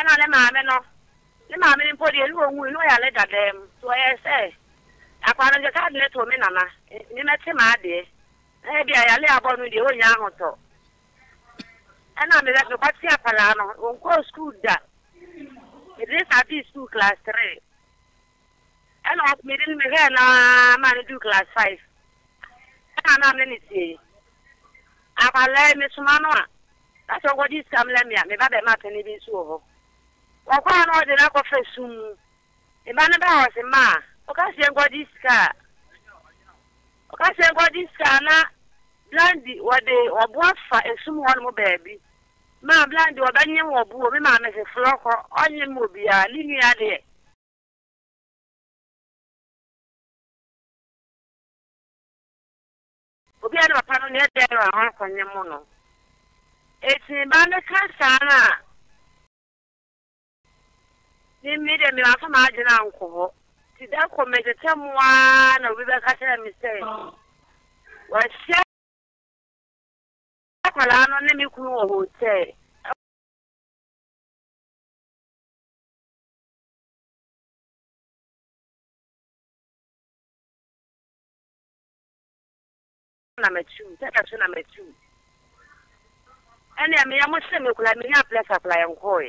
ɛna ne maame no ne maame no mpo deɛ ne wɔ wui ne ɔyɛ ale dadaa mu nti ɔyɛ sɛ e akwa no gyeka ade ne to me nana ne mɛte maa deɛ ɛyɛ e, bi a yale abɔ no deɛ ɔnya ahotɔ ɛna mebɛ mekɔte apalaa no ɔnkɔɔ skuul da mede safii skuul class three ɛna mede no mehwɛɛ naa ma no du class five ɛna na me ne tie akwalaa e mesoma no a na sɛ ɔkɔgye sikam lɛ me a meba bɛma apɛne bi nso wɔ hɔ ọkwa na ọ dị n'akọ fesu mu ịma na baa ọsị ma ọkasie ngọdị sika ọkasie ngọdị sika na blandi wɔde ɔbo afa esum hɔ nom baabi maa blandi ɔbɛnye wɔ buo mi maame foforɔ kɔ ɔnye mu obiara ne nua deɛ obiara ne papa no neɛ dɛn no a ɔnkɔnye mu no eti ba ne ka saa kansa na. mmiri mmiri afọ m adị na nkụbọ ti da kọ metete mụa na obi bụ kacha m sị wahyia akwaraa no ne me kunu wɔ hotel na mɛtu tɛka so na mɛtu menya plɛs akola yɛnkɔɔe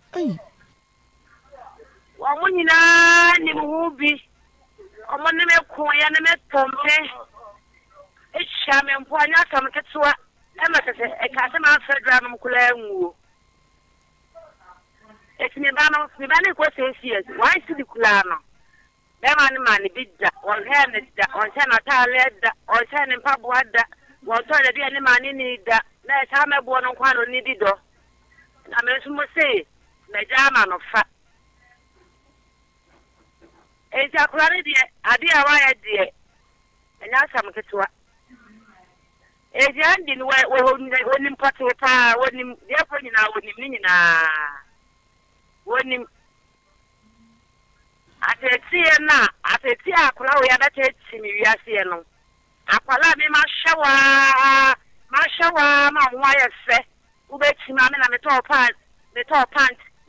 wɔn nyinaa nim ho bi wɔn ne me koya ne me tɔmpe ehyia me mpo anya asɛm ketewa ɛma tete ɛka asɛm afɛ dura nom koraa nwuo eti ne ba no ne ba ne kɔ sɛsi yɛ wɔn si di koraa no bɛrima ne maa ne bi da wɔn hɛ ne da wɔn hyɛ n'ataaleɛ da wɔn hyɛ ne mpaboa da wɔn tɔ ne bi a ne maa ne ne da na ɛsɛ amɛboɔ no nkwa no ne bi dɔ na mɛ see. n'agya ama no fa eti deɛ ade a wayɛ deɛ ɛnyɛ ketewa eti andi no wɔ wɔnim paa wɔnim deɛfoɔ nyinaa wɔnim ne nyinaa wɔnim a ateteɛ wɔ yɛ ti me wiaseɛ no akwara a ma hyɛ waa ma hyɛ waa ma ho ayɛ ma ame na pant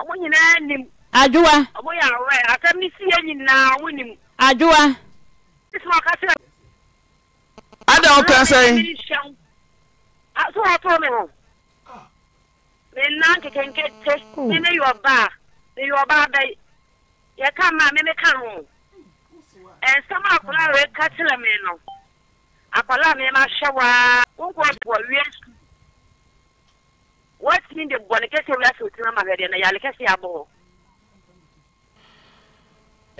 ɔmo nyinaa nim. adwowa. ɔmo yɛ awerɛ asɛm ne sie nyinaa ɔmo nim. adwowa. sísun ɔkasɛ. ada ɔka sɛn. so ɔtɔ oh. mi hɔ mi nna nketenkete mi ne yɛ ɔbaa mi yɛ ɔbaa bɛyi yɛ ka maa mi mi ka ho nsɛm akwadaa yɛ ka kyerɛ mi no akwadaa mi ma hyɛ waa nkonkɔ wɔ wie. watumi de bɔne kɛsɛ wura sɛ wotumi ama hwɛdeɛ na yale kɛsɛ abɔ hɔ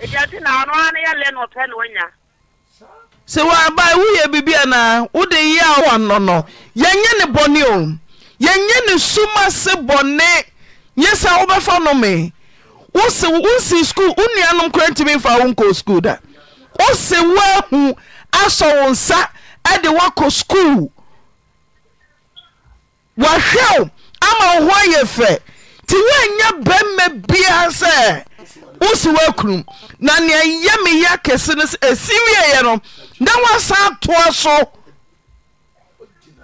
ɛgya na ɔno a no yɛlɛ na ɔpɛ na wanya sɛ wɔaba woyɛ biribi anaa wode yi a wɔnɔ no yɛnyɛ ne bɔne o oh. yɛnyɛ ne suma se bɔne nyɛ sɛ wobɛfa no me wose wonsi skul wo nuanom kora ntimi mfa wo nkɔ skul da wose woahu asɔ wo nsa ɛde e woakɔ skul wahwɛ wo oh. ama wo ho ayɛ fɛ nti woanyɛ barima biaa sɛ wosi woakurum na nea yɛ meya kɛse no ɛsi wieeɛ no na woasan toa so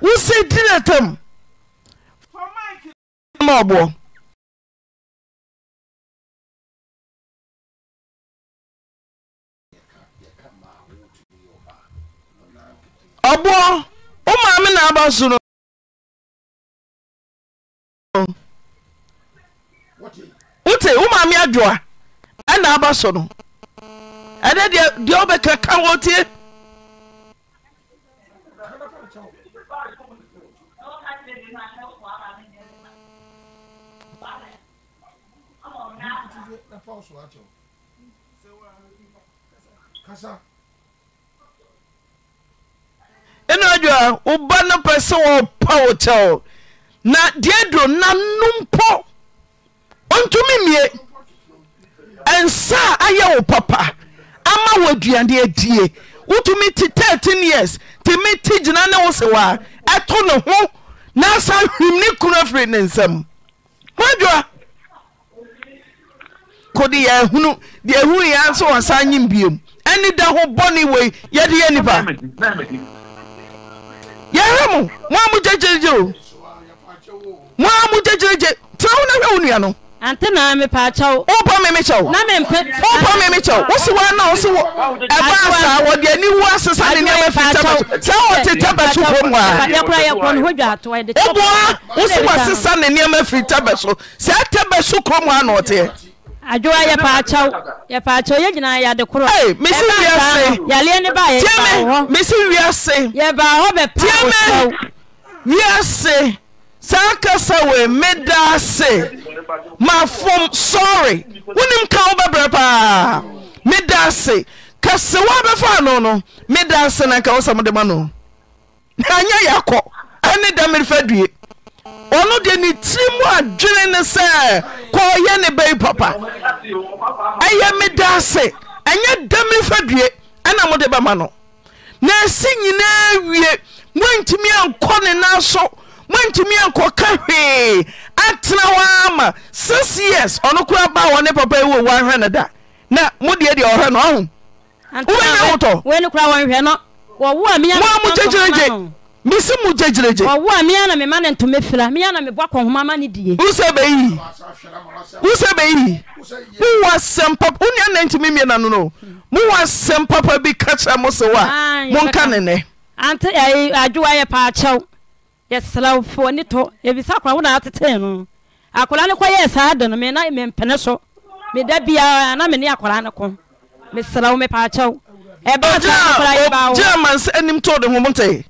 wose dina tam maɔboɔ ɔboɔ wo ụmụ amị na aba wote wo maame adwoa ɛna aba so no ɛnɛ deɛ deɛ wobɛka ka wɔ tie ɛna adwoa wo ba no pɛ sɛ wɔpa wo kyɛw na deɛ duro nanom mpo ɔntumi mmie ɛnsa a ayɛ wo papa ama wo aduane adie wotumi te 13 years tumi te gyina ne wo se wɔ ɛto ne ho na asa hwim ne kunu afiri ne nsam hoadwoa kode yɛ hunu deɛ hunu yɛ nso wɔn sa nyim biom ɛne da ho bɔne wei yɛde yɛ nipa yɛhwɛ mo mo a mo gyegyeregye o moa mo gyegyeregye trawo no hwɛ wo nuanoemeewoswns wdnwo ssaneɛt te besoromaba ose wa asesa ne nneɛma firi tabeso sɛ tebe so kromuanɔt saa kasa wei meda ase mafom sɔre wonim ka wo bɛbrɛ paa meda ase kase woabɛfa ano no meda ase na nka wo sɛ ma no anyɛ yɛakɔ ɛne da merefa due ɔno deɛ ne tiri mu adwene ne sɛ kɔɔyɛ ne bɛyi papa ɛyɛ meda ase ɛnyɛ da merefa due ɛna mode bɛma no na ɛsi nyinaa wie woantumi ankɔ ne naa so moantumi ankɔka hwee atena hɔ ama six years ɔno koraa ba wɔ ne papa yi wɔ woahwɛ no da na modeɛ deɛ ɔhwɛ no ɔho wobɛnya wotɔ mo a mogyagyinagye mesi mo gyagyinagye wosɛ bɛyi wosɛ bɛyi mowɔ asɛm papa wonua na ntumi mmie na no no mowɔ asɛm papa bi ka kyerɛ mo se wo a monka ne nɛ adwowa yɛ yɛsrɛwfo ne tɔ yɛbisa akora wona atetee no akora ne kɔ yɛɛ saa da no mena mempene so meda biara na mene akora ne ko mesrɛw mepaakyɛw ɛbɛgyina mansa anim too ne ho mote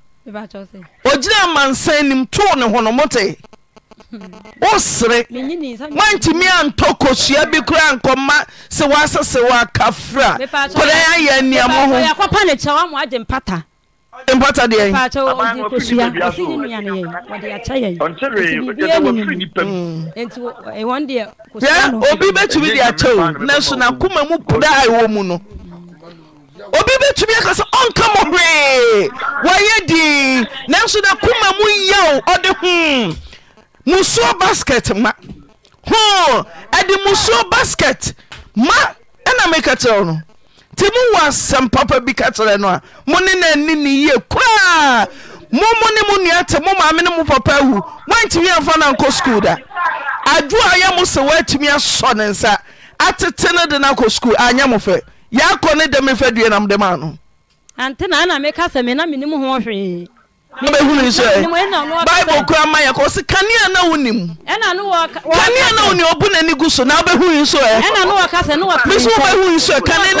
ogyina mansa anim too ne ho no mote wo sere woantumi antɔ kosua bi koraa nkɔma sɛ woasɛ sɛ woakafra koraa ayɛ nneɛma ho mpɔtɔ deɛ yɛ mm. eh, obi bɛtumi de akyɛ o nanso nakoma mu pura a ɛwɔ mu no obi bɛtumi aka sɛ ɔnka mɔ hwee wɔyɛ dii nanso nakoma mu yaw ɔde hmm musuo basket ma hoo ɛde musuo basket ma ɛna meka kyerɛw no nti mowɔ asɛm papa bi ka kyerɛ a mo ne na ani ne yie mo momo ne mo nua te mo maame ne mo papa awu woantumi amfa no ankɔ skuul da adwoa yɛ mo sɛ woatumi asɔ ne nsa atete no de no akɔ skuul anyɛ mo fɛ yɛakɔ ne dɛm fɛ due nam dɛm ano ante na ana meka sɛ me na menim ho hwee mobɛhunu sɛ bible kora ma yɛ kɔ sɛ kanea na wonim kanea na wonim ɔbu n'ani gu so na wobɛhunu so ɛ kanea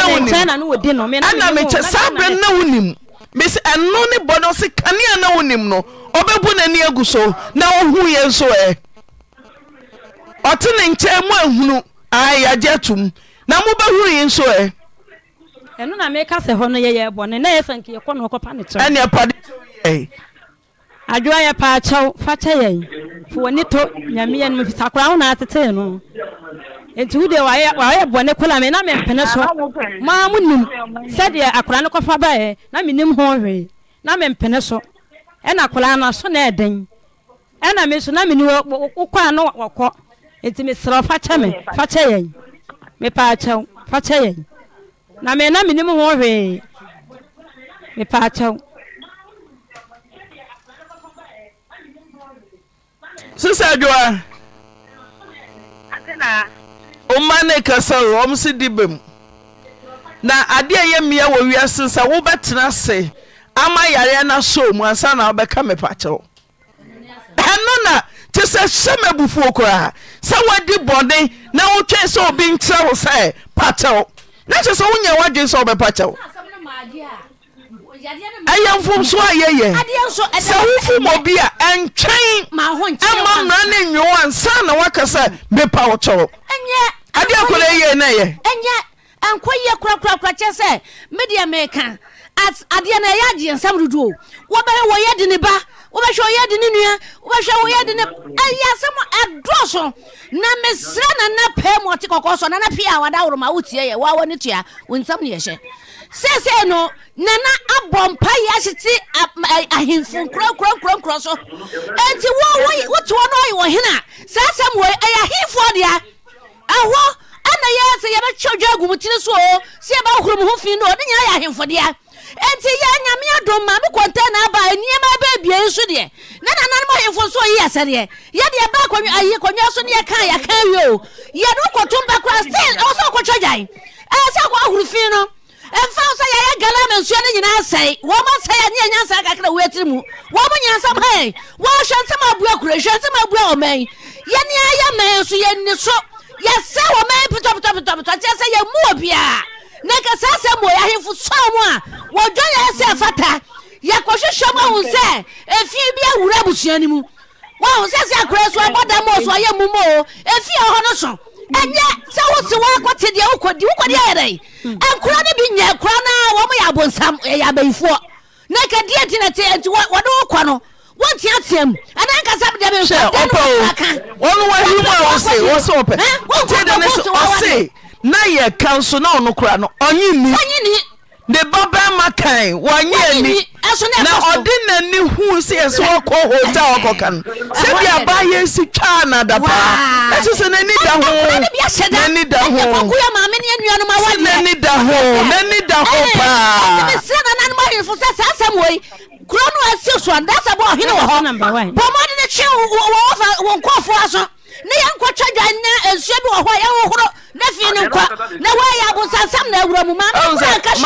na wonim ɛna mekyɛ saa berɛ na wonim ɛno ne sɛ kanea na wonim no ɔbɛbu n'ani agu so na wohu yɛ so ɛ ɔte ne nkyɛn mu ahunu na mobɛhunu yi nso ɛ ɛno na meka sɛ hɔ no yɛyɛ bɔne na yɛsɛ adwoa yɛ paa kyɛw fa kyɛ yɛn fo w'ani to nyameɛ no mu fisa koraa wo na no Etu wo deɛ wayɛ bɔne kola me na mpene so maa mu nim sɛdeɛ akora no kɔfa baeɛ na menim ho hwee na mempene so ɛna koraa na aso na ɛden ɛna me so na meni wokɔ a no wɔkɔ Etu meserɛ fa kyɛ me fa kyɛ yɛn mepaa kyɛw fa kyɛ yɛn na me na menim ho hwee mepaa kyɛw Sister Adwoa. Atena. Oma ne kasa wɔm si di bem. Na adeɛ yɛ mmea wɔ wiase sɛ tena ase ama yare na so mu ansa na ɔbɛ wobɛka mepakyɛw. Ɛno na te sɛ hyɛ m abufuo koraa sɛ woadi bɔne na wotwɛn sɛ obi nkyerɛ wo sɛ pakyɛw. Na kyerɛ sɛ wonyɛ w'adwene sɛ wobɛpakyɛw. ɛyɛ mfomso ayɛyɛ sɛfommɔ bi a ɛntwɛn ma mmera ne nnwuwɔ ansa na woaka sɛ mɛpa wokyɛwo adeɛ k ɛyɛ no ɛyɛyɛ nk yɛ korararakyɛ sɛ medeɛ meeka adeɛ no ɛyɛ agyeɛnsam rodoo wobɛre wɔyɛ de ne ba wobɛhwɛ ɔyɛ de ne nua wobɛhwɛ woyɛ de ne ɛyɛ asɛm ɛdɔɔso na mesrɛ nana pɛɛ mu ɔte kɔkɔɔ na nana pii a wada woro ma wotie yɛ woawɔ ne tua wo nsɛm ne yɛhyɛ seesei no nana abɔ mpa yɛ ahyete ahemfo nkurankurankurankurɔ so enti wote hɔ no ɔyɛ wɔ hene a saa asɛm wɔ ɛyɛ ahemfoɔ dea ɛhɔ ɛna yɛ sɛ yɛbɛtwa dwa agu mu tene so o sɛ yɛbɛhoro mu ho fi no ɔde nyina yɛ ahemfodeɛ eti yɛ nyame adom ma me kɔntɛn aba nneɛma bɛbie nso deɛ na nananom ɔhemfo nso ɔyi asɛdeɛ yɛdeɛ ba kɔnwa ayi kɔnwa so ne yɛka yɛka wie o yɛde wokɔto mba kora still ɛwɔ sɛ wokɔtwa gyae ɛyɛ sɛ kɔ ahoro fi no ɛmfa wo sɛ yɛyɛ gala ma nsua no nyinaa sɛe wɔma sɛe a ne yɛ nyansa kakra wo atiri mu wɔmo nyansam hɛ wɔhwɛ nsɛm abua kura hwɛ nsɛm abua ɔman yɛne ayɛ mɛn so yɛnni so yɛsɛ wɔman pitɔpitɔpitɔpitɔ kyerɛ sɛ yɛmu wɔ na kasa asɛm wɔ yɛahemfo sɔɔ mu a wɔdwa yɛ sɛ fata yɛkɔhwehwɛ mu ahu sɛ ɛfie bi awura abusua no mu wahu sɛ sɛ akora so abɔ da mɔɔ so ayɛ mu mɔ o ɛfie ɛhɔ no so ɛnyɛ sɛ wose woakɔte deɛ wokɔdi wokɔdi ayɛ dɛn nkora no bi nyɛ kora no a wɔm yɛ abonsam ɛyɛ abayifoɔ na kadiɛ nti na te nti wɔde wokɔ no wọ́n ti àti ẹ̀mú ẹ̀dá nkasa bi dẹ̀bi nkọ́ dẹ́nu ọ̀ka. wọ́n wá yín mọ́ àwọn ọ̀sẹ̀ wọ́n sọ̀ pẹ̀. wọ́n kọ́ ọ̀sẹ̀ wọ́n wá ní. na yɛ ka so ne wono kora no ɔyeni ne bɔbɛma kae wanyɛ anina ɔde nani hu sɛ yɛ sɛ wakɔho ta kɔka no sɛ biaaba yɛsi twaa na adabaaɛs sɛho ne yɛnkɔtwa gya nɛ ansua bi wɔhɔ a yɛhohoro ne afie no nka na wɔayɛ agosasam no awura mu maɛkass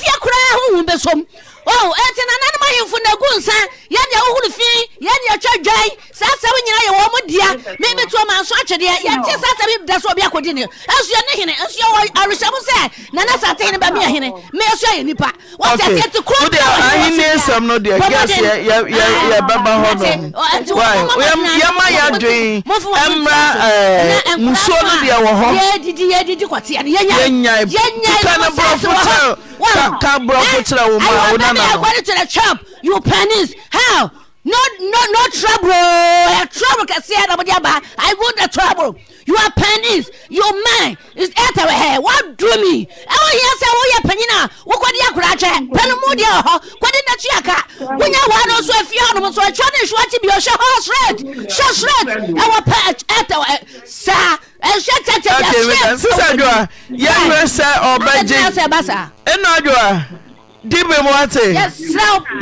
fia koraa hohu bɛsom oh ɛti nananom ahemfo na egu nsa yɛde ahohoro fi yɛde atwa dwan saa asɛm nyinaa yɛ wɔn mo dea mímí tó ma nso atwedeɛ yɛte saa asɛm da so obi akɔdi ne nsua ne hene nsua wɔ arusamu sɛ nana sate ne bɛmi ahene mɛ nsua yɛ nipa wɔte ɛti ɛti kuro bi wɔ ahene nsɛm no deɛ gɛs yɛ yɛ ah, yɛ bɛba hɔ no wai yɛma yɛadwen ɛmra ɛɛ musuo no deɛ wɔ hɔ yɛdidi yɛdidi kɔteɛ no yɛnya yɛnya tuka ne borɔfo tɛl Wow. Come, come, bro, eh? go to the woman. I will not to the You pennies. How? no tr ɛ ansɛoiwɔhia sɛ woyɛ payina woke ɛakɛ pɛ aaf mt byɛ yɛɛɛɛɛɛsɛ dibe mu ate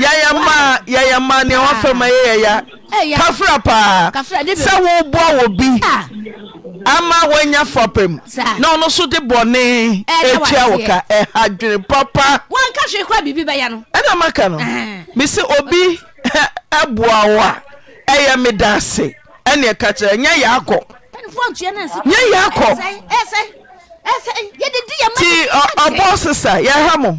yɛyɛ mmaa yɛyɛ mmaa nea wɔfɛ ma yɛyɛya ah. eh, kafra paa sɛ woboa wɔ bi ah. ama woanya fapem na ɔno so de bɔne atua wo ka ɛha dwene papa ɛna maka no eh, eh. mese obi ɛboa wo a ɛyɛ meda ase ɛne ɛka kyerɛ nyɛ yɛ akɔ nyɛ yɛ akɔ ti ɔbɔ sesa yɛha mo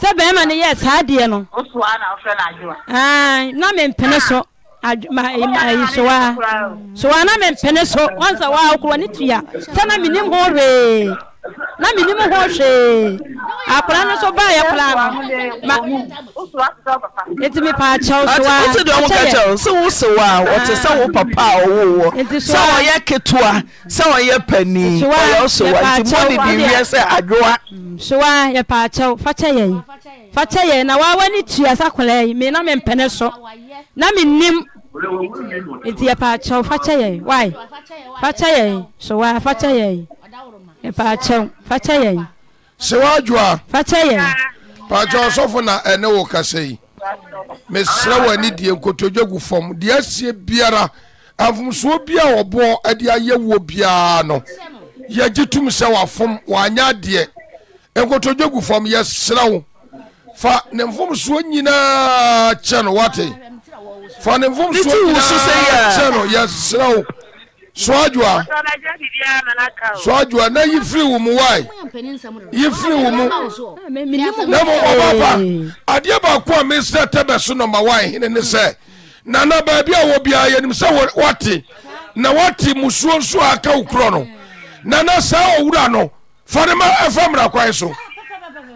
sɛ bɛrima no yɛ saa deɛ no na mempene so sowa sowa na mempene so ɔnsɛ waa wokorɔ ne tua sɛ na menim ho ree na mi nim ho hwee akwaraa no so baa yɛ koraa no nti mepa akyɛw so a wote deɛ ɔmoka kyɛw sɛ wo se wo a wɔte sɛ wo papa a ɔwowɔ sɛ ɔyɛ ketewa sɛ ɔyɛ pani ɔyɛ ɔsowa nti mɔne de wiɛ sɛ adwowa sowa yɛpa akyɛw fakyɛ yɛn fakyɛ yɛn na waawa ne tua sa koraa yi me na mempɛne so na mennim nti yɛpa akyɛw fakyɛ yɛn wae fakyɛ yɛn sowa fakyɛ yɛn mpaakyɛw fakyɛ yɛn. sewa adwoa. fakyɛ yɛn. mpaakyɛw ɔsɔfo na ɛne wo kasa yi mesrɛ wɔ ani deɛ nkotodwe gu fam deɛ asie biara afomsoɔ bi a wɔboɔ de ayɛ wuo biara no yɛgye tum sɛ wafom wanyɛ adeɛ nkotodwe gu fam yɛsrɛ wo fa ne mfomsoɔ nyinaa kyɛ no wate fa ne mfomsoɔ nyinaa kyɛ no yɛsrɛ wo soadua soadua na yi firi wo mu wae yi firi wo mu na mo ɔbaba adeɛ baako a mesrɛ tɛbɛ so nɔma wae hene ne sɛ nana baabi a wɔ biara yɛnim sɛ wate na wate musuo nso a aka wo no nana saa ɔwura no fa ne ma ɛfa mmarakwan so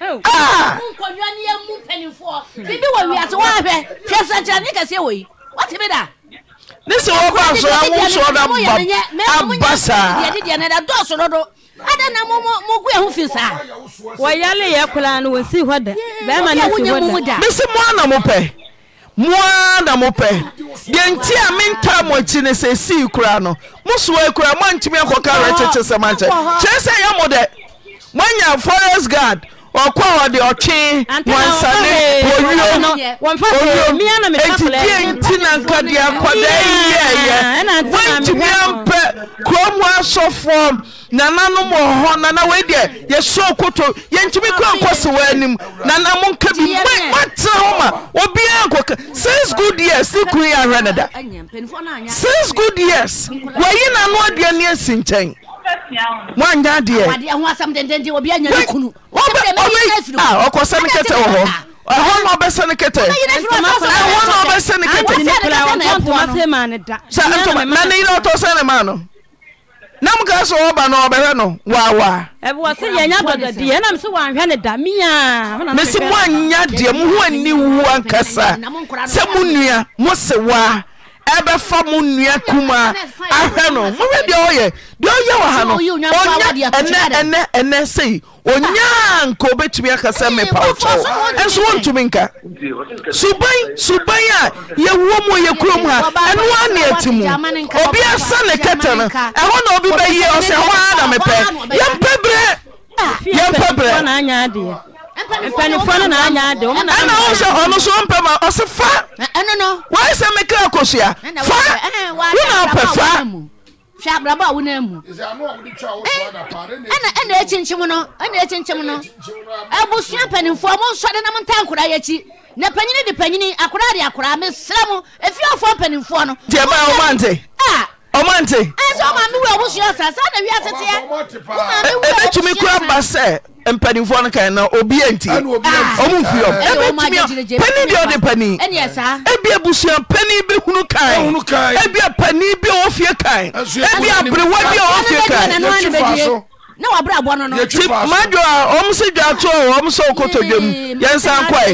Oh. Ah! ne si wokɔa soa wosoo da a abasaame se moa na mo pɛ moa na mo pɛ dianti a menta mɔkyi ne sɛ sii koraa no mosoa koraa moantimi kɔ kawerɛkekye sɛmankyɛ kyerɛ sɛ yɛ mo dɛ moanya forest gard ɔkɔ a wɔde ɔte ansane o adibie nti nankadeɛ kada yyeyɛ wangibia mpɛ kurommu asɔfoɔ nananom wɔ hɔ nana wide yɛso koto yɛnkyumi koankɔ sew anim nanamo nka bi man matera ho ma obiaa nkɔk sns good yeas ne kunu yɛ aherɛ no da sns good yeas ayi n'ano aduane asinkyɛn moanya deɛɔkɔ sɛne ktɛ wɔhɔ ɛhnɔbɛsɛne ktɛnbɛsɛne k nane yena ɔtɔ sɛ ne ma no na moka so ɔwɔba no ɔbɛhwɛ no wawame si moanya deɛ mo ho ani woho ankasa sɛ mo nua mo se waa ɛbɛfa mo nnua kuma ahwɛ no mohwɛ deɛ ɔyɛ deɛ ɔyɛ w ha no ɔy ɛɛɛnɛɛnɛ sei ɔnyaa nka obɛtumi aka sɛ mepao ɛnso wo ntumi nka suban suban a yɛwo mu ɔ yɛ kurom ha ɛnoaane ati mu obi asa ne kɛta no ɛhɔ na obi bɛ yie ɔ sɛ ɛhɔ ana mepɛ yɛmpɛ brɛɛmpɛ berɛ mpanimfoɔ no na anya de wɔn na ɛna wɔn ɔno so mpɛ ma ɔsi fa ɛno no wɔn sɛ mi kira kosua fa wɔn ɔpɛ fa hwɛ abrabɔ a wɔn mu ɛna ɛna ekyinkyim no ɛna ekyinkyim no abusua mpanimfoɔ mo nsɔre na mo nta nkora yɛ akyi na panyin de panyin akora de akora mesra mo efi ɔfɔ mpanimfoɔ no. diɛ maa ɔmo ante ọmọ ntị. ẹ sọ ma mi wee wusu ọsàn sá na wia tete yẹ ma mi wee wusu ọsàn. ebetumi kura ba sẹ mpanimfoɔ no kan na obi enti ɔmu nfi ɔm ebetumi panin deɛ ɔde panin ebi ebusua panin bi hunu kan ebi panin bi a ɔfie kan ebi aberewa bi a ɔfie kan na wa bra bɔ no no. ti mmadụ a ɔmu si dwa to ɔmu sɛ okoto dwam yɛn nsa nkwa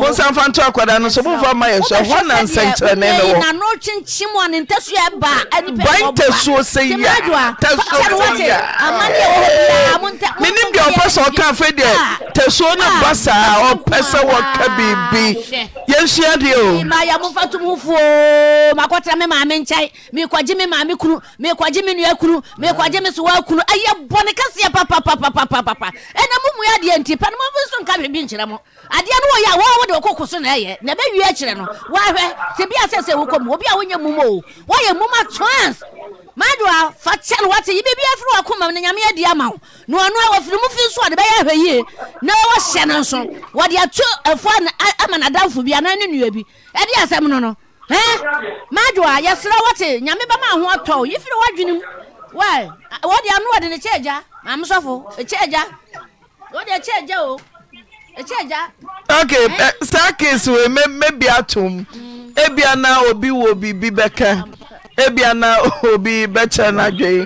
mosamfa nto akwadaa no so momfa ma yɛ so ɛhɔ na nsɛnkyerɛne no wɔban tasuo sɛ yamenim deɛ ɔpɛ sɛ ɔka afei deɛ tasuo no ba saa ɔpɛ sɛ wɔka biribi yɛnsua deɛ o mayɛ momfa tom ho fuo makɔtera me maame nkyɛe mekɔgye me maame kunu mekɔgye me nua kunu mekɔgye me sowa kunu ɛyɛ bɔne kaseɛ papapapapapa ɛna momuadeɛ nti pa no mɔbi so nka hwɛ bi nkyerɛ mo adeɛ no wɔyɛ a wɔn a wɔde wɔkoko so na ɛyɛ na ɛbɛwie akyerɛ no wɔahwɛ te bi asɛ sɛ wokɔ mu obi a wɔnyɛ mum o wɔyɛ mum a trans a fa kyɛ no wɔte yi biribi afiri wakoma mu na nyame adi ama wo na ɔno a wɔfiri mu fi nso a de bɛyɛ ahwɛ yie na wɔhyɛ no nso wɔde ato afuo ama n'adamfo bi anaa ne nua bi ɛde asɛm no no hɛn madoa yɛsrɛ wɔte nyame bɛma ho atɔ o yifiri wɔadwene mu wɔde ano wɔde ne kyɛ agya maame sɔfo kyɛ agya wɔde kyɛ agya o. ok eh? eh, sakis wee mebia tum ebia na obi wo bibi ebia eh, na obi bɛkyɛ na dwee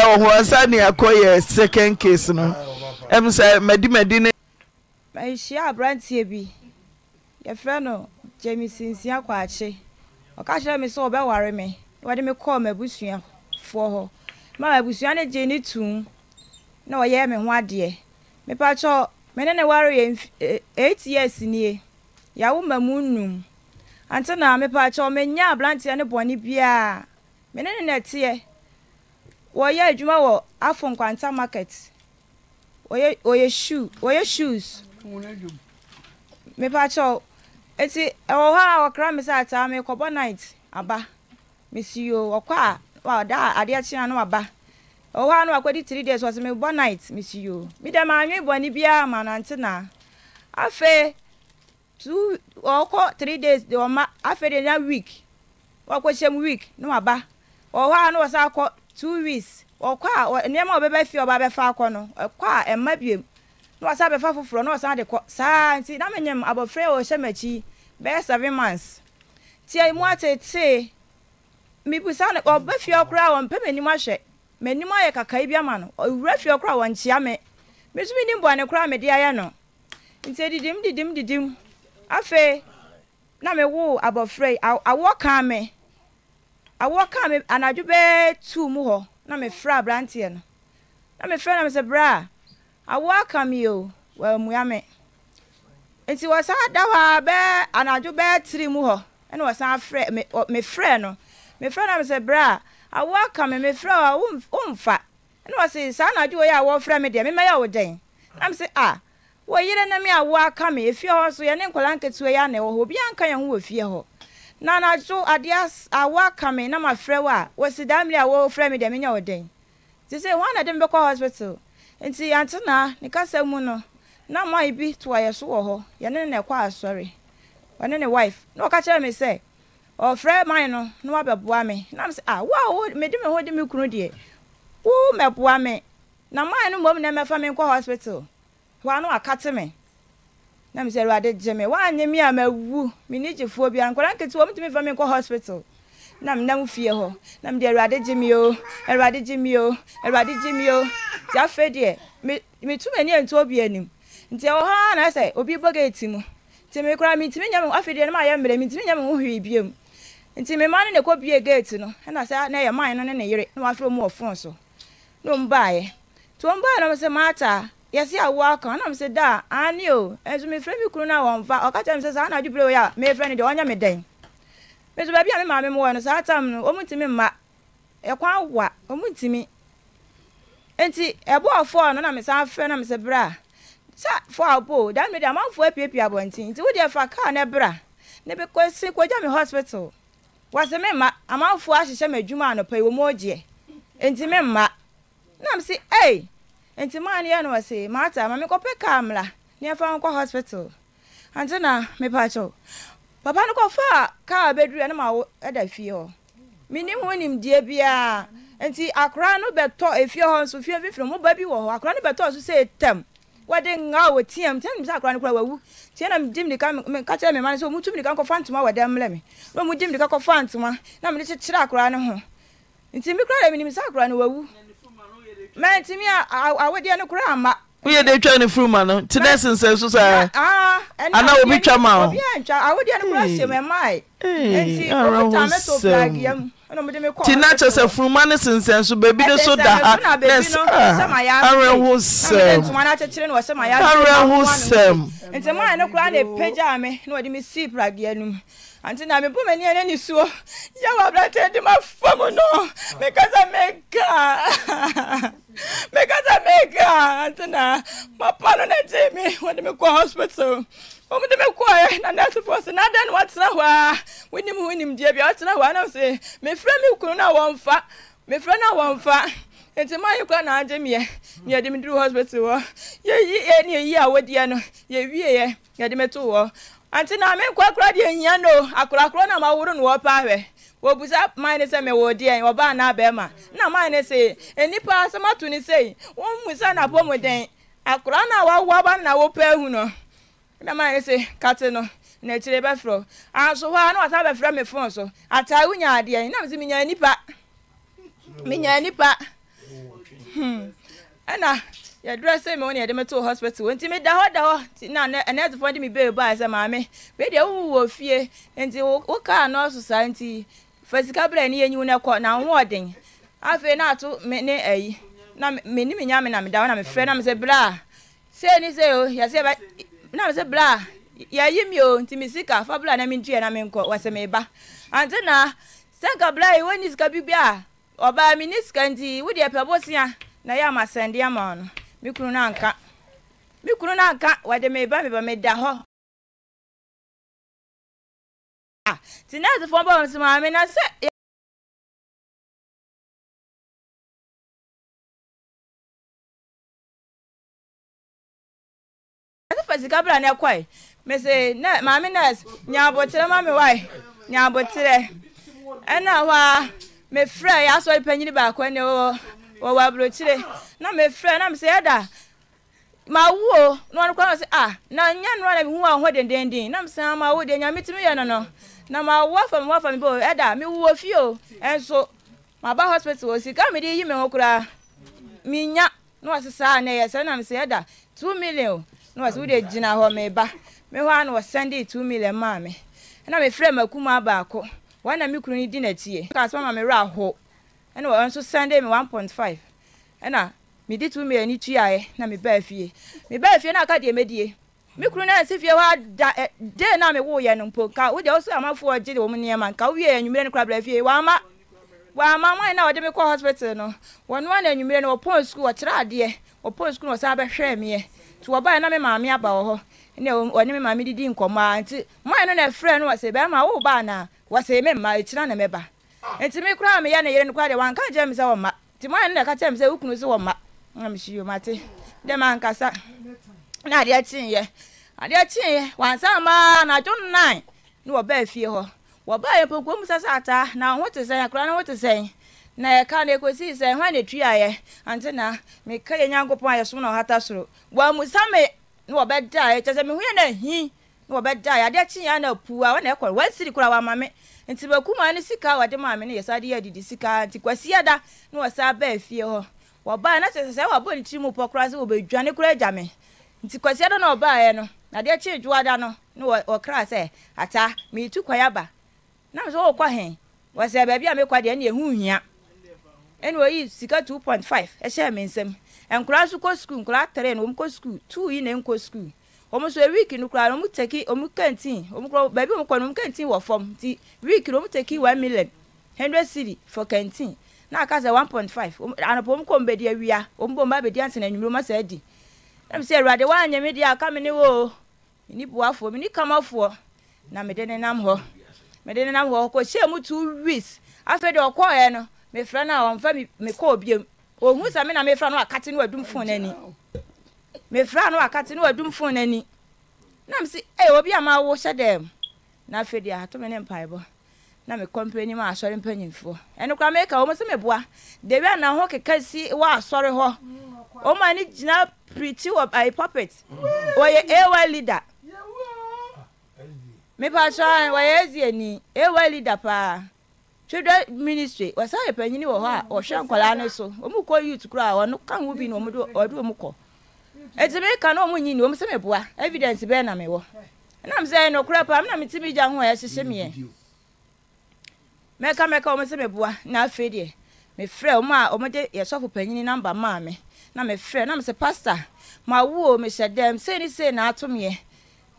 ɛwɔ hɔ sani akɔ yɛ second case no ɛm sɛ mɛdimɛdi ne. mehyia aberanteɛ bi yɛfrɛ no james nsia kwakye ɔka kyerɛ me sɛ ɔbɛware me wɔde me kɔɔ m'abusuafoɔ hɔ ma m'abusua no gye ne tum na ɔyɛ me ho adeɛ mene ne ware yɛ eh, eight years nie yɛawo ma mu nnum ante na mepa kyɛw menya aberanteɛ ne bɔne biaa mene ne nɛteɛ wɔyɛ adwuma wɔ afo nkwanta market wɔyɛ shoes mepa kyɛw eti ɛwɔ hɔ a wɔkra me sɛ ataa mekɔbɔ night aba mesi yoo wɔkɔ a ɔda adeɛ kyea no aba ɔwɔ ha no wakɔdi three days wɔsi mi bɔ night mi si yo mi dɛm anwi bɔnni biara ma nante na afei two ɔkɔ three days de ɔma afei de na week wakɔ hyɛm week na waba ɔwɔ ha no wɔsa akɔ two weeks ɔkɔ a nneɛma a ɔbɛbɛ fie ɔba abɛfa akɔ no ɔkɔ a ɛma biem na wɔsa abɛfa foforɔ na wɔsa de kɔ saa nti na menyam abɔfra a ɔhyɛ m'akyi bɛyɛ seven months tie mu atete mibisa no ɔbɛ fie ɔkora a wɔmpɛ m'anim ahwɛ m'anim ayɛ kakaa bi ama no owura fie koraa wɔnkyea me mesu mi ni mboane koraa mede ayɛ no nti didim didim didim afei na mewo abɔfra yi awoɔ kaa me awoɔ kaa me anadwo bɛɛ tuu mu hɔ na mefrɛ aberanteɛ no na mefrɛ na mesɛ berɛ a awoɔ aka me o wɔamua me nti wɔsan da hɔ a bɛɛ anadwo bɛɛ tiri mu hɔ ɛna wɔsan afrɛ mefrɛ no mefrɛ na mesɛ berɛ a awo aka me mefrɛ a womfa ɛna ɔse saa anadwo wei a wɔfrɛ me deɛ memɛyɛ wo dɛn nam se a wɔyere ne me awo aka me efie hɔ so yɛne nkɔla nketewa yi ana ɛwɔ hɔ obiara nka yɛn ho wɔ fie hɔ na anadwo adeɛ awo aka me na mafrɛ wo a wɔsi daa mmiri a wɔfrɛ me deɛ menyɛ wo dɛn te sɛ wɔn anadɛ me bɛkɔ hospital nti antena ne kasa mu no na mmaa bi to ayɛ so wɔ hɔ yɛne ne na ɛkɔ asɔre ɔne ne wife na ɔka kyerɛ me sɛ ɔfrɛ man no na wabɛboa me nam sɛ ah a me ho de me kunu deɛ wo mɛboa me na man no mmom na mɛfa me nkɔ hospital na wakate me na mesɛ awurade gye me woanyɛ me a mawu mene gyefoɔ biara nkɔda mtumi fa me nkɔ hospital na fie hɔ na mede awurade gye me o awurade gye me o awurade gye na sɛ obi mu nti mekora nti mema no na ɛkɔbie gate no ɛna sɛ na ɛyɛ man no ne ne yere na wafrɛ mu wɔ so na nti ɔm no sɛ maata yɛse aka na sɛ da ane o ɛnso mefrɛ me kunu no a wɔmfa ɔka kyerɛ a mefrɛ no deɛ ɔnyɛ me dɛn baabi a me nti na mesan frɛ na mesɛ berɛ a sɛ fɔɔ aboo da abɔnten nti wodeɛ fa kaa ɛbra ne Wasi me mma amanfoɔ ahyehyɛ me adwuma anɔpa yi wɔ mu ogyeɛ nti me mma nam se ei nti maa no yɛ no wɔse maata ma mekɔpɛ kaa mmra ne ɛfa nkɔ hospital ante na mepaakyɛw papa no kɔfaa kaa bɛduru ɛne ma wo ɛda fie hɔ menim ho nimdeɛ biara nti akora no bɛtɔ efie hɔ nso fie fifiri mo ba bi wɔ hɔ akora no bɛtɔ so sɛ ɛtam wɔde nga wɔ tia mu kura mu sɛ akora no kora wawu tia na medi mirika meka kyerɛ me ma no sɛ ɔmutu mirika nkɔfa ntoma wɔ dɛm mmerɛ me na ɔmudi mirika kɔfa ntoma na mede kyekyerɛ kura ni ho nti me kora dɛ menim sɛ akora no wawu mɛntimi awodeɛ no kora ama woyɛ de twa ne furuma no nti ne sensɛn so saa ana obi twa ma o. ti na kyerɛ sɛ furuma ne sensɛn so baabi eh, ah, ne oh. so da ha ne sɛ awerɛ ho sɛm awerɛ ho sɛm. nti maa yɛ ne kura na epagya mi na wɔde mi si pragia no ah. mu anti na mepo m'ani ɛne ne suo yɛ wɔ aberantɛ de ma fa mu no mekasa meka mekasa meka anti na mapa no nante me wɔde me kɔ hospital wɔn de me kɔɛ na nɛɛsefoɔ sɛ na adɛn na watena hɔ a wonim ho nimdeɛ bia watena hɔ a na sɛ mefrɛ me kunu no a wɔmfa mefrɛ na a wɔmfa nti maa yi kura na agye mie na yɛde me duru hospital hɔ yɛyi yɛ ne yɛyi a wɔdeɛ no yɛwie yɛ yɛde me to hɔ anti na me nkɔ kora deɛ nhia no akorakoro na maworo no wɔpa hwɛ wɔbusa man ne sɛ mewɔ deɛ ɔbaa na abɛɛma na man ne sɛ nnipa e asɛm ato ne sɛ wɔmmu sɛ napɔ mu den akora na wawoa ba na wɔpɛ ahu no na man ne sɛ kate no n'akyire bɛfrɛ anso hɔ a na wɔsan bɛfrɛ me fon so ataa wonya adeɛ na mese menya nipa menya nipa ɛna hmm. yɛdura sɛ mi wɔn na yɛde mi to hospital wɔn nti mi da hɔ da hɔ ti na ɛnɛtifoɔ de mi bee ba sɛ maame wei deɛ wowu wɔ fie nti wo kaa nɔɔso saa nti fasika bere ni yɛnyiw na kɔ na ho ɔden afei na ato mi ne ɛyi na mi ni mi nya mi na mi da hɔ na mi fɛ na mi sɛ bra sɛ ni sɛ o yɛsɛ bɛ na mi sɛ bra yɛyi mi o nti mi sika fa bra na mi ntua na mi nkɔ wɔsɛ mi ba ante na sɛ nka bra yi wɔn ni sika bi bi a ɔbaa mi ni sika nti wo deɛ pɛ bɔ sia na yɛ ama sɛndeɛ ama no me kunu no anka me kunu no anka wɔde meba meba meda hɔ ah, nti nɛɛsefoɔ bɔ sɛ maame na sɛ sika bra ne kɔe me se na maame nurse nya abokyerɛ ma me wae nya abokyerɛ ɛna hɔ a mefrɛ yɛ asɔre panyini baako ne wɔ wɔwɔ aburokyire na mefrɛ na mesɛ ɛda ma wu o na ɔno kora na ɔsɛ ah na nyɛ nora na mehu a ho dendenden na mesɛ ma wo deɛ nyame tumi yɛ no no na ma wo afa me wo afa me bio ɛda me wu ofie o ɛnso maba hospital wɔ sika mede yi me ho koraa menya na wɔse saa na ɛyɛ sɛ na mesɛ ɛda two million na wɔse wode gyina hɔ meba me hɔ a na wɔsɛnde two million maa me ɛna mefrɛ makum abaako wɔn na me kunu no di n'akyiɛ kaa sɛ ma me werɛ ahɔ ɛna wɔn nso sɛnde mi one point five ɛna mi di two tuya tuaeɛ na mi baa fie mi baa fie na aka deɛ mɛ die mi kuru na nsi fie hɔ ada ɛ dee na mi wo yɛ no mpo nka wo deɛ ɔsɛ amafoɔ gye de wɔn nneɛma nka wo yɛ enyimire no kura bɛrɛ fie wama wama wɔn na ɔde mi kɔ hospital no wɔn wɔn na enyimire no wɔpɔn sukuu wɔkyerɛ adeɛ wɔpɔn school na wɔsan abɛhwɛ miɛ nti wɔbaa na mi maame aba wɔ hɔ ne ɔne mi maame didi nkɔmɔ a nti mmaa no na ɛfrɛ no wɔ na wɔ sɛ mi mma ekyirɛ na mɛba nti mi koraa mi yɛ ne yere no koraa deɛ wanka kyerɛ mi sɛ wɔ ma nti mo ayɛ ne ka kyerɛ mi sɛ wukunu sɛ wɔ ma na mi si yom ate dɛ ma nkasa na adeɛ kyenyɛ adeɛ kyenyɛ wansan maa anadwo nnan ne wɔbaa fie hɔ wɔbaa yɛ mpɔnkɔ mu sɛ sɛ na ho te sɛn akora ne ho te sɛn na ɛka na ekosi sɛ hwan na etui ayɛ ante na meka yɛ nyankopɔn ayɛ som na ɔhata soro wɔamusa me ne wɔbɛda ayɛ kyɛ sɛ mehu yɛ na hi ne wɔbɛda ayɛ adeɛ kyenyɛ na puu a wɔn na ɛkɔ wɔn siri koraa wɔama me nti bakuma no sika wɔde maame no yɛ sɛ ade yɛ adidi sika nti kwasi ada na wɔsa baa fie hɔ wɔbaa na kyerɛ sɛ wɔabɔ ne tiri pɔ koraa sɛ wɔbɛdwane koraa agya me nti kwasi ada na ɔbaeɛ no nadeɛ kyee dwoa da no na wɔkra sɛ ata meetu kwae aba na me sɛ wɔkɔ he wɔsɛ baabi a mekɔ deɛ ne ɛho hia ɛne wɔyi sika 2.5 ɛhyɛɛ me nsam nkoraa nso kɔ sukuu nkoraa tere no wɔm kɔ sukuu 2 yi na ɛnkɔ sukuu wɔn nso week no kura wɔn tɛki wɔn kɛntin wɔn kura baabi wɔn kɔ no wɔn kɛntin wɔ fam nti week no wɔn tɛki one million hundred city for kɛntin na aka one point five anapa wɔn kɔ wɔn bɛdi awia wɔn bɔ wɔn ba bɛdi asɛn enyimire wɔn asɛ adi ɛnum sɛ awurade wɔn anyɛ mi deɛ aka mi ni wo ni buafoɔ mi ni kamafoɔ na mi de ne nam hɔ mi de ne nam hɔ kɔ hyɛn mu two weeks afɛ deɛ ɔkɔɔ no mi fira no a mi kɔɔ biem ohun sami na mi fira no a kati no adum fon n'ani. mefra no wakate ne wadum fon n'ani na me si obi ama wo hyɛ dem na afei deɛ ato me ne na me kɔmpa anim asɔre mpanyimfoɔ ɛno koraa meka o m sɛ meboa na ho si wɔ gyina pirikyi wɔ ayi eh, puppet leader mepatwa eh, leader paa twedwa ministry wɔsan yɛ panyini a so youth a eti mi ka na ɔmo nyi ni ɔmo sɛ mi boa evidence bɛɛ na mi wɔ ɛnam sɛ nokura paa ɛnam ti mi gya ho a ɛhyehyɛ mi eh. yɛ mɛka mɛka ɔmo sɛ mi boa na afei deɛ mi frɛ ɔmo a ɔmo de yɛsɔfo panyin namba maa mi na mi frɛ na mi sɛ pastor ma wo o mi hyɛ dɛm sei ni sei na ato mi yɛ eh.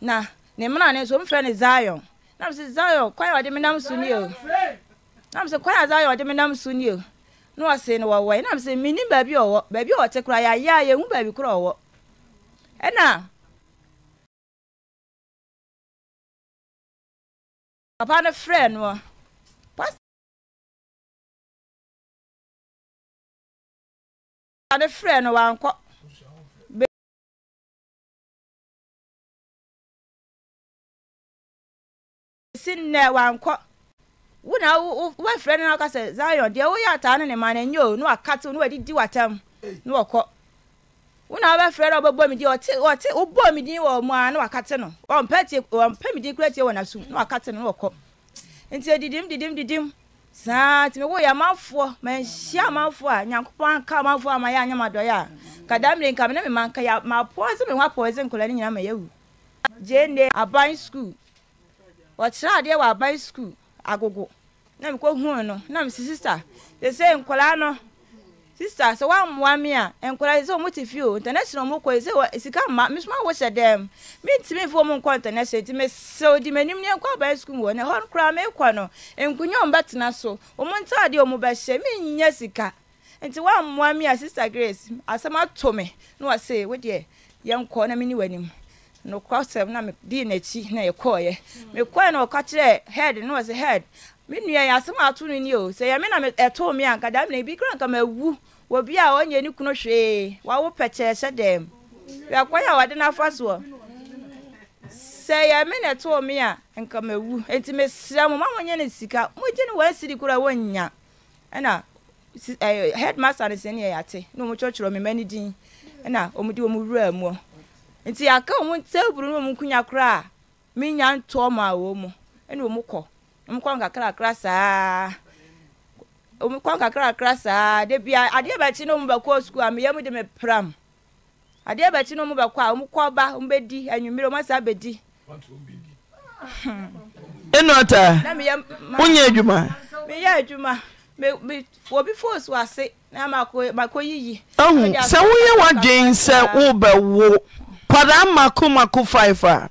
na ne mmerɛ ne nso ɔmo frɛ ne zion na mi sɛ zion kwan a ɔde mi nam so ni o na mi sɛ kwan a zion ɔde mi nam so ni o na ɔsi no wɔwɔ yi na mi sɛ mi ni baabi ɔwɔ baabi ɔte kora yɛ ayɛ a hu baabi kora ɔwɔ ɛna papa no frɛ no papa no frɛ no wankɔ si nnɛ wankɔ wo na wafrɛ no na woka sɛ zion deɛ woyɛ ataa no ne ma no ɛnyɛ o na wakate wo wadidi watam na wɔkɔ wona wobɛfrɛ dɛ wobɛbɔ me din ɔte ɔte wobɔ me din wɔ mu a na wakate no ɔmpɛ tie ɔmpɛ me din kura tie wɔ n'asum na wakate no na wɔkɔ nti e didim didim didim saa nti mewoyɛ amanfoɔ manhyia amanfoɔ a nyankopɔn anka amanfoɔ a mayɛ anyamadɔyɛ a kada mmere nka me ne mema nka yɛ mapɔɔse me ho apɔɔse nkɔla no nyinaa mayɛwu gyende aban skul wɔkyerɛ adeɛ wɔ aban skul agogo na mekɔhuu no na mesi sister sɛ sɛ nkɔla no sista sɛ woammoa me a nkwadaa sɛ ɔmo te fie o international ɔmo kɔ sɛ sika mma mesoma wohyɛ dɛm mentimi mfo ɔmo nkɔ international nti mesɛw di m'anim ne ɛnkɔ abaɛ sukuu wɔ ne hɔ no koraa meekɔ no nkonya ɔmbɛtena so ɔmo ntaadeɛ ɔmo bɛhyɛ mennya sika nti woammoa me a ah, sister grace asɛm ah, ato me na wɔse wodeɛ yɛnkɔ na mene w'anim nokora sɛm na medii n'akyi na yɛkɔɔyɛ mekɔɛ na ɔka kyerɛ head na wɔse head me nua yɛ asɛm ato no ni o sɛ yɛ me na ah, ɛtoo me anka daa mena bi kora anka mawu obi a ɔnyɛ ne kunu hwee wawo pɛkyɛɛ hyɛ dɛm yɛkwan a wɔde n'afa soɔ sɛ yɛ me na ɛtoo me a nka mawu nti mesrɛ mo ma monyɛ ne sika mogye ne wɔasiri kora wɔnnya ɛna headmaster no sɛ ne yɛyɛate na ɔmkyerɛkyerɛ me ma ne din ɛna ɔmde ɔm wura muɔ nti yɛaka ɔm taburu no ɔm nkonya koraa menya ntɔɔ ma wɔ mu ɛna ɔm kɔ ɔm kɔ nkakrakra saa omi kwan kakrakra saa de bia adeɛ bɛkyi no mu bɛkɔ sukuu a meyɛ de me pram adeɛ bɛkyi no mu bɛkɔ a ɔmo kɔ ba ɔmo bɛdi anwumire ɔmo asa bɛdi. ɛnu ɔta wonyɛ adwuma. meyɛ adwuma me obi fos wɔ ase na mako mako yiyi. ɔhun sɛ woyɛ wadwen sɛ wobɛwo kwadaa mako mako five a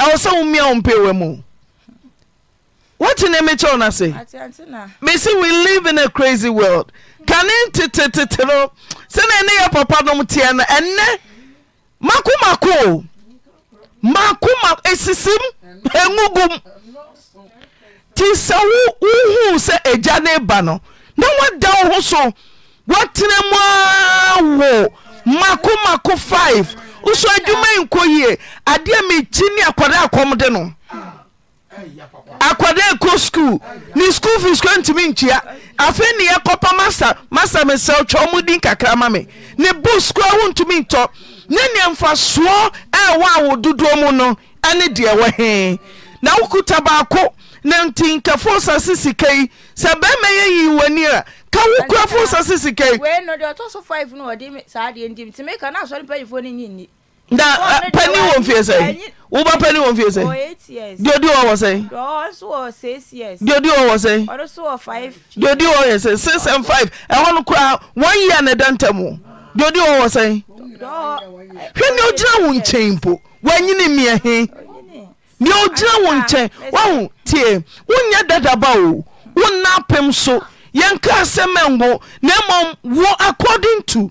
ɛwɔ sɛ womia wo mpɛ mu. wote ne mɛkyɛwno se mesi we live in a crazy world kane tetetete ro sɛne ɛne yɛ papa nom teɛ no ɛnnɛ makomaakoo maako ɛsisim u gum nti sɛ wohuu sɛ agya e ne ba no na woada wo ho so wotena m awɔ makomako 5 ɔsɔ adwuma inkɔ yie adeɛ mekyi ne akɔde akɔm de no akwadaa ekɔ skul ne skul fees kɔ ntumi nkyia afei ne yɛ kɔpa masa masa mi sɛ ɔtwa ɔmo din kakra ma mi ne books kura wo ntumi ntɔ ne nea mfasoɔ a ɛwɔ awo dodoɔ mu no ɛne deɛ ɛwɔ hɛn na wokuta baako ne nti nkafo sase sika yi sɛ bɛrima yɛ yi wɔ ani a ka wo kura fo sase sika yi. wei no deɛ ɔtɔ so five no ɔde saa deɛ ndim tìmɛ kan na asɔre mpanyinfoɔ ne nyi nyi na pani wɔ mfie sɛ woba pani wɔ mfie sɛ deodi wɔ wɔ sɛ deodi wɔ wɔ sɛ deodi wɔ yɛ sɛ six and five ɛhɔ no koraa one year na ɛda ntam o deodi wɔ wɔ sɛ hwɛ nea ogyina wo nkyɛn mpo wanyini mmiɛ he nea ogyina wo nkyɛn wahu tie wonyɛ dadaba o wonna apem so yɛnka asɛm ɛngo na mmom wo according to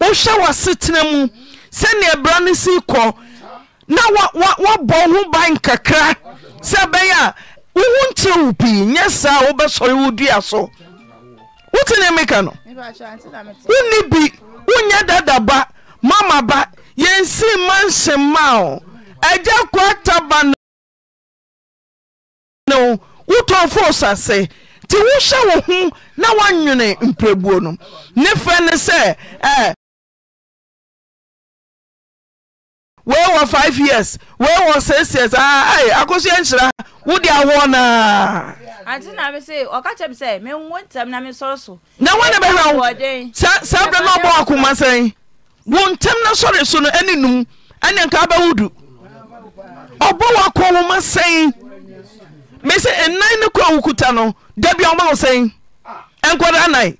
wohyɛ w'asetena mu sɛnea bra no si kɔ na woabɔ ho ban kakra sɛ ɛbɛyɛ a woho nkyerɛ wo pii nyɛ saa wobɛsɔre wo dua so wotene meka no wonni bi wonyɛ mama ba ma nhyemmaa o agya kwa taba no wotɔfo sase nti wohyɛ wo na woanwene mprɛbuo no ne fɛ wee wɔ five years wee wɔ six years aa ah, ayi akosua nhyira wodi awɔ naa. ati na mi se ɔka kyɛm sɛ mi nwo ntɛm na mi sɔrɔ so. na wọn na bɛ hwɛ awo saa saa bɛrɛ naa ɔbɔ akoma sɛn wɔn ntɛm na sɔrɔ so no ɛne num ɛne nka abɛwudu ɔbɔ wɔ akoma sɛn mi se nnan ne kura wukuta no dabi ɔmo sɛn nkɔda nan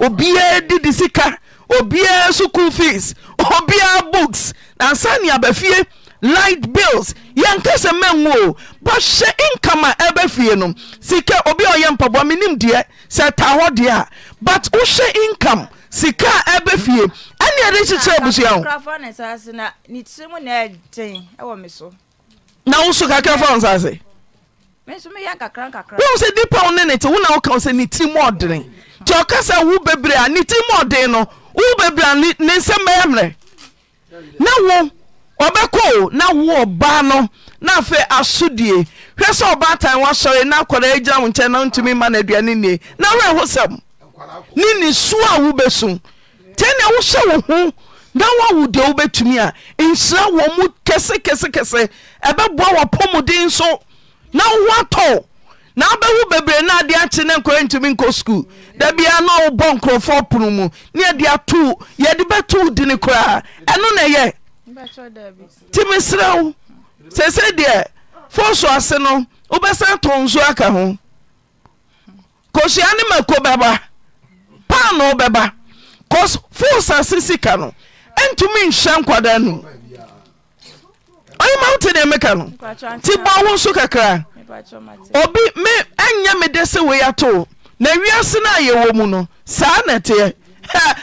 obiara didi sika obiara sukuu fees obiara books ansa ne abafie light bills yɛnka sɛ mɛnwo o bɔhyɛ income a ɛbɛ fie no sika obi a ɔyɛ mpaboa menim deɛ sɛ ta hɔ deɛ a but wohyɛ income sika a ɛbɛ fie ɛne ɛde kyekyerɛ abusua ho na wo so kakra fa wo nsase wohu sɛ nipa wo ne ne te wo na woka wo sɛ ne tirim ɔdene nti ɔka sɛ wo bebree a ne tirim ɔden no wobɛbra ne nsɛm bɛyɛ mmerɛ na wo ɔbɛkɔo na wo ɔbaa no na afei asodie hwɛ sɛ ɔbaatan woasɔre na akɔdaa agyina wo nkyɛn na wontumi ma no aduane nnie na werɛ ho sɛm ne ne suo a wobɛsum nti nea wohyɛ wo ho na woawo deɛ wobɛtumi a nhyira wɔ mu kɛsekɛsekɛse ɛbɛboa wɔpɔ muden so na woho atɔw na wobɛhu bebree na ade akye ne nkɔɛ ntumi nkɔ skuul da biaa na wobɔ nkurɔfoɔ pono mu ne yɛde atoo yɛde bɛtoo dine koraa ɛno ne ɛyɛ timi serɛ wo seesei deɛ fo so ase no wobɛsan tɔn nsuo aka ho kohyia ne mako bɛba paano bɛba cause fo sase sika no ɛntumi nhyɛ nkwadaa no ɔyima wote deɛ meka no nti bɔ wo so kakra obi me ɛnyɛ mede sɛ wei atoo na wiase no a yɛwɔ mu no saa na teɛ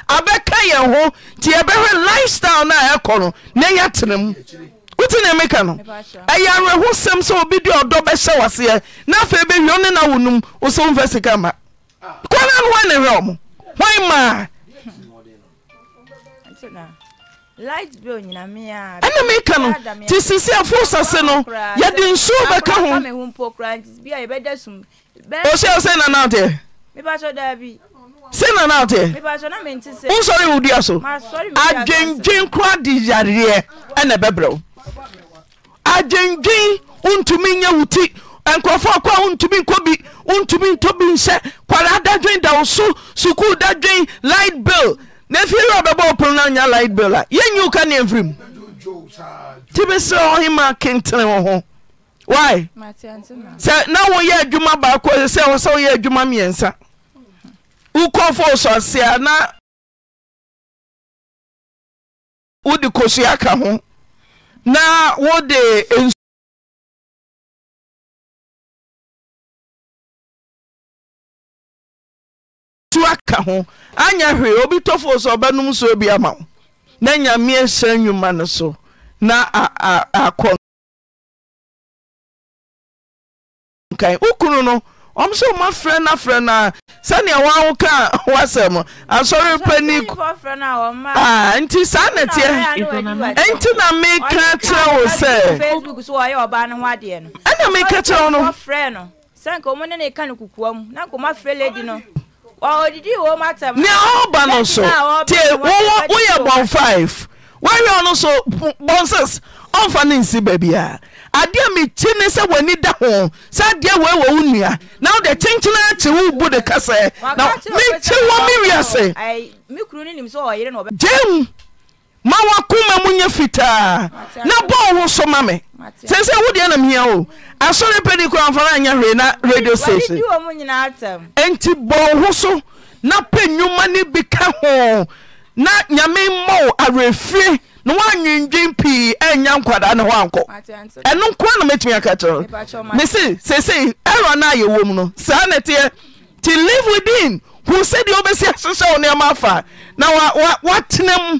abɛka yɛn ho nti yɛbɛhwɛ lifestyle no a ɛkɔ no na ɛyɛ tene mu na ne meka no ɛyɛ awerɛho sɛm sɛ obi de ɔdɔ bɛhyɛ waseɛ na afei bɛwie ɔne na wo nom wo sɛ womfa sika mma kwana no hɔ ne werɛ mo hwan maa ɛna meka no nti sisi afo sase no yɛde nsuo bɛka ho ɔhyɛ wo sɛ nana woteɛ sɛ nana woteɛ wonsɔre wo dua so adwendwen kora de yareɛ ɛna ɛbɛbrɛ wo adwendwen wontumi nyɛ wo ti nkurɔfoɔ kɔ a wontumi nkɔ bi wontumi ntɔ bi nhyɛ kwara dadwen da wo so sukuu dadwen light bill na fie wura bɛbɔ ɔpono no anya light bill a yɛnyi wo ka ne amfiri mu nti mesrɛ ɔhema kentene wo ho why sɛ na woyɛ adwuma baako sɛ wo sɛ woyɛ adwuma mmiɛnsa wokɔfo sɔse a na wode kosua ka ho na wode tu aka ho obi tɔfo sɛ ɔbɛnom so ama wo na nyameɛ sa nnwuma no so na akɔ nkan wo no ɔm sɛ woma frɛ no frɛ no sɛnea asɔre ah, nti saa nɛteɛ na meka kyerɛ wo sɛ ɛna meka kyerɛ wo no ne ɔba no so tie woyɛ bɔn 5 woawe ɔno so bɔn 6 ɔmfa ne nsi baabi a adeɛ mekyi ne sɛ w'ani da ho sɛ adeɛ wei wɔ wo nnua na wode kyenkyena akye wobu de kasɛ na mekye wɔ me wiase gyem ma woakoma mu nya fitaa na bɔɔ wo so ma me sɛ sɛ wodeɛ namhia o asɔre pɛdi kora amfa no anyɛ na radio station enti bɔɔ ho so na pɛ nnwuma no bi ka ho na nyame mmɔo awerɛfie na woanwindwen pii anya nkwadaa ne hɔ ankɔ ɛno nkoa na matumi aka kyerɛ no me se seesei ɛrɔ no ayɛwɔ mu no saa ne teɛ nti live within hu sɛdeɛ wobɛsi ahyehyɛ wo nneɛma afa na woatenam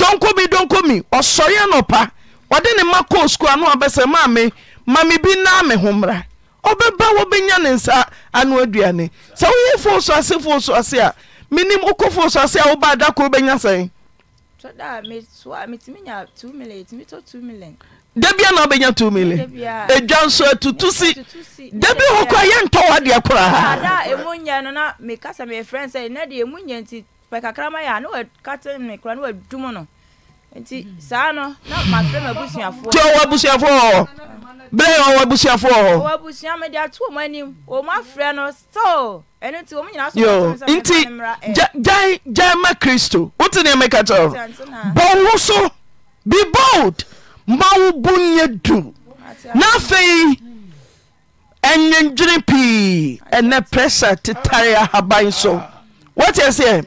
dɔnkomi dɔnkomi ɔsɔre anɔpa ɔde ne ma kɔɔ sukuu ano abɛsɛ maame maame bi naa me ho mmra ɔbɛba wɔbɛnya ne nsa ano aduane sɛ woyɛ fo so ase fo so ase a menim wokɔ fo so ase a woba adakoro bɛnya sɛn da bia na wobɛnya 2 million ɛdwa nso atutu si da bi hɔ kɔ a yɛntɔ wɔ adeɛ koraa pɛ kakra ma yɛ a ne eh, wɔka kyerɛ me kora ne eh, wɔadwum no nti saa no na mafrɛ m abusuafoɔ kyɛ wɔ abusuafoɔ hɔ berɛ yɛ ɔwɔ abusuafoɔ hɔ ɔwɔ abusua mede ato ɔm anim ɔm afrɛ no so ɛno nti ɔm nyinaa so nti gyae eh. gyae ma kristo wote nneɛma ka kyerɛ hɔ bɔ wo so be bold ma wo bo nyɛ du na afei ɛnyɛ pii ɛnɛ pressure tetare ahaban so wote sɛ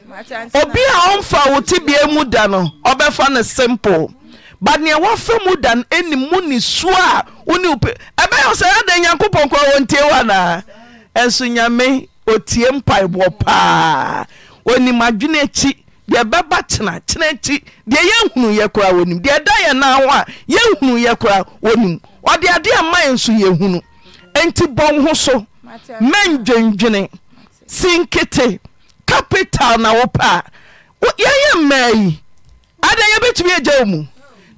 obi a ɔmfa wo tebea mu da no obefa no simple but nea woafa mu da no ɛnim mu ne suo a wone wopɛ ɛbɛyɛ sɛ ɛda nyankopɔn koraa wɔntie wo anaa ɛnso nyame otie paa onim adwene akyi deɛ ɛbɛba kyena kyena akyi deɛ yɛhunu yɛ koraa wɔnim deɛ ɛda yɛ na ho a yɛhunu yɛ koraa wɔnim ɔde adeɛ ama yɛ nso yɛhunu enti bɔ ho so sinkete capital na wo pɛ a yɛyɛ mmaa yi adɛn yɛbɛtumi agya wo mu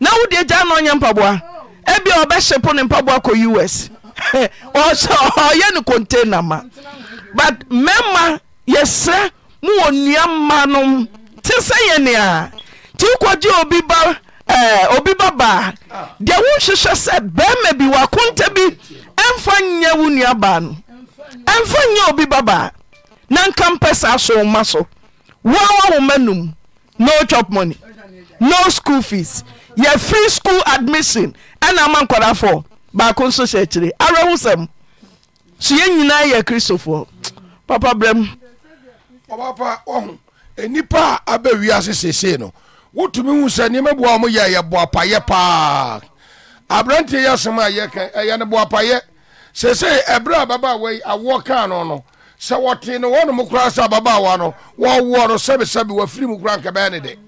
na wode agya na ɔnyɛ mpaboa ebi ɔbɛhye po ne mpaboa kɔ us ɔyɛ ne container ma but mmarima yɛsrɛ mu wɔ nnua mma nom te sɛ yɛ nea nti wokɔgye obi ba eh, obi ba baa deɛ wohwehwɛ sɛ bɛrima bi wɔakonta bi ɛmfa nyɛ wo nnuabaa no ɛmfa nyɛ obi baa. na nka mpɛ saa asowoma so woawa woma num no chop money no school fees yɛ free school admission ɛna ma nkɔdafoɔ baako nso hyɛ akyire awerɛho sɛm so yɛn nyinaa yɛ kristofoɔ papa brɛm ɔbapa ɔho nnipa e a aba wiase seesei no wotumi hu sɛ nneɛma boa wɔn yɛ yɛ boapayɛ paa aberanteɛ yɛ asɛm a yɛka ɛyɛ no boapayɛ seesei ɛberɛ a baba wei awoɔ kaa no no sɛ wɔte no wɔne mo koraa sɛ ababaawa no wɔwoɔ no sɛbesɛbe wafiri mu koraa nkɛbɛɛ ne de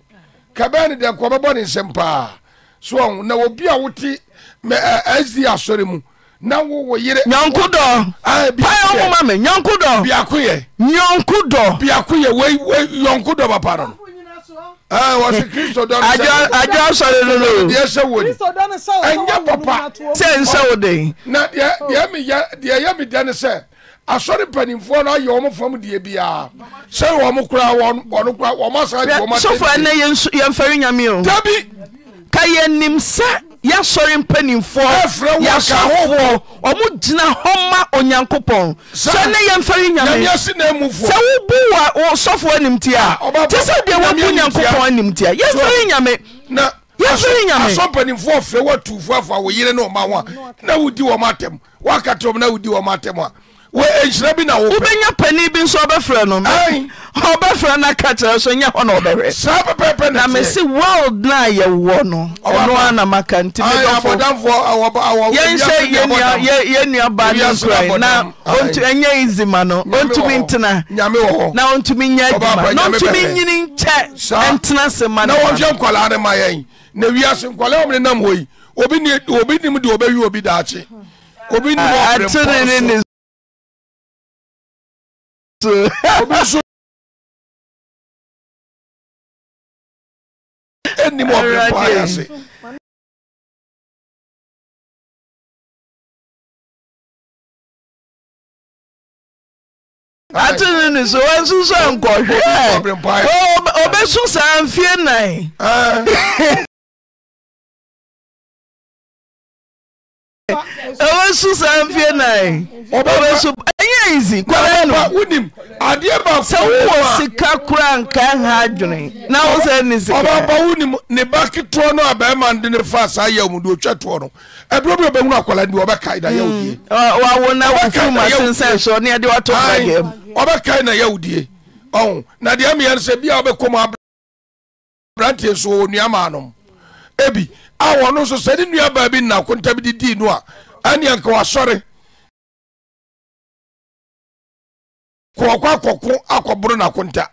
kɛbɛɛ ne de nkɔ bɛbɔ ne nsɛm paa so ɔho na obi a wote asdi asɔre mu na wowo yere nyɔnko dɔ payɔ moma me nyɔnko dɔ biako yɛ nyɔnko dɔ biako yɛ wei wei yɔnko dɔ papa no wɔsi kristo dɔ ne sɛ adwo asɔre no no deɛ sɛ wo ni ɛnyɛ papa sɛ nsɛ wo den na deɛ deɛ yɛ mi dɛ ni sɛ asɔre mpanimfoɔ na ayɛ wɔn fam die biara sɛ wɔn kura wɔn wɔn kura wɔn asan di wɔn atɛnti. sɔfo ɛnɛ yɛn nso yɛn fɛri nyame o. dabi. ka yɛn nim sɛ yɛasɔre mpanimfoɔ yɛasɔfoɔ ɔmo gyina hɔ ma onyankopɔn sɛ ne yɛmfɛre nyame sɛ wobu wɔ sɔfoɔ animti a ah, te sɛ deɛ wobu nyankopɔn animti a yɛmfɛre nyame yɛmfɛre nyameasɔ mpanimfoɔ frɛ woatufoɔ afa wo yere ne ɔma na wodi wɔ m atɛm woaka terɛm na wodi wɔ m atɛm a nhyira bi na wo wobɛnya pani bi nso ɔbɛfrɛ no ɔbɛfrɛ no ka kyerɛ so nyɛ hɔ na ɔbɛhwɛ saa pɛpɛpɛ na mese world na yɛwɔ no ɛno ana maka nti yɛnhyɛ yɛnnuaba no nkora na ɛnyɛ easy ma no ɔntumi ntena na ɔntumi nyɛ adwuma na ɔntumi nyini nkyɛ ɛntena se ma no wɔhwɛ nkwalaa ne ma yɛn na wiase nkwalaa ɔmne nam hɔ yi obi nim deɛ ɔbɛwi obi daakye obi nim ɔbrɛ mpɔ so obi nso enim ɔbɛn pa ayɛ ase. ati ni ni so wọn nso nkɔhwɛ obesun saa nfie nan. Eh. e saa mfie na no sɛ sika kura nka ha adwene na wo sɛ ne Ọba wonim ne ba keteɔ no a bɛrima de ne fa saa yɛ mu de ɔtwa toɔ no ɛberɛ bi ɔbɛhunu akwala no bi ɔbɛkae na yɛwodie wawo na wofu masensɛ soɔ ne ɛde na deɛ no sɛ a wɔno nso sɛ ne nnuabaa bi nna kontam de dii no a ɛneɛ nka wasɔre kɔɔkɔ akɔko akɔboro nakonta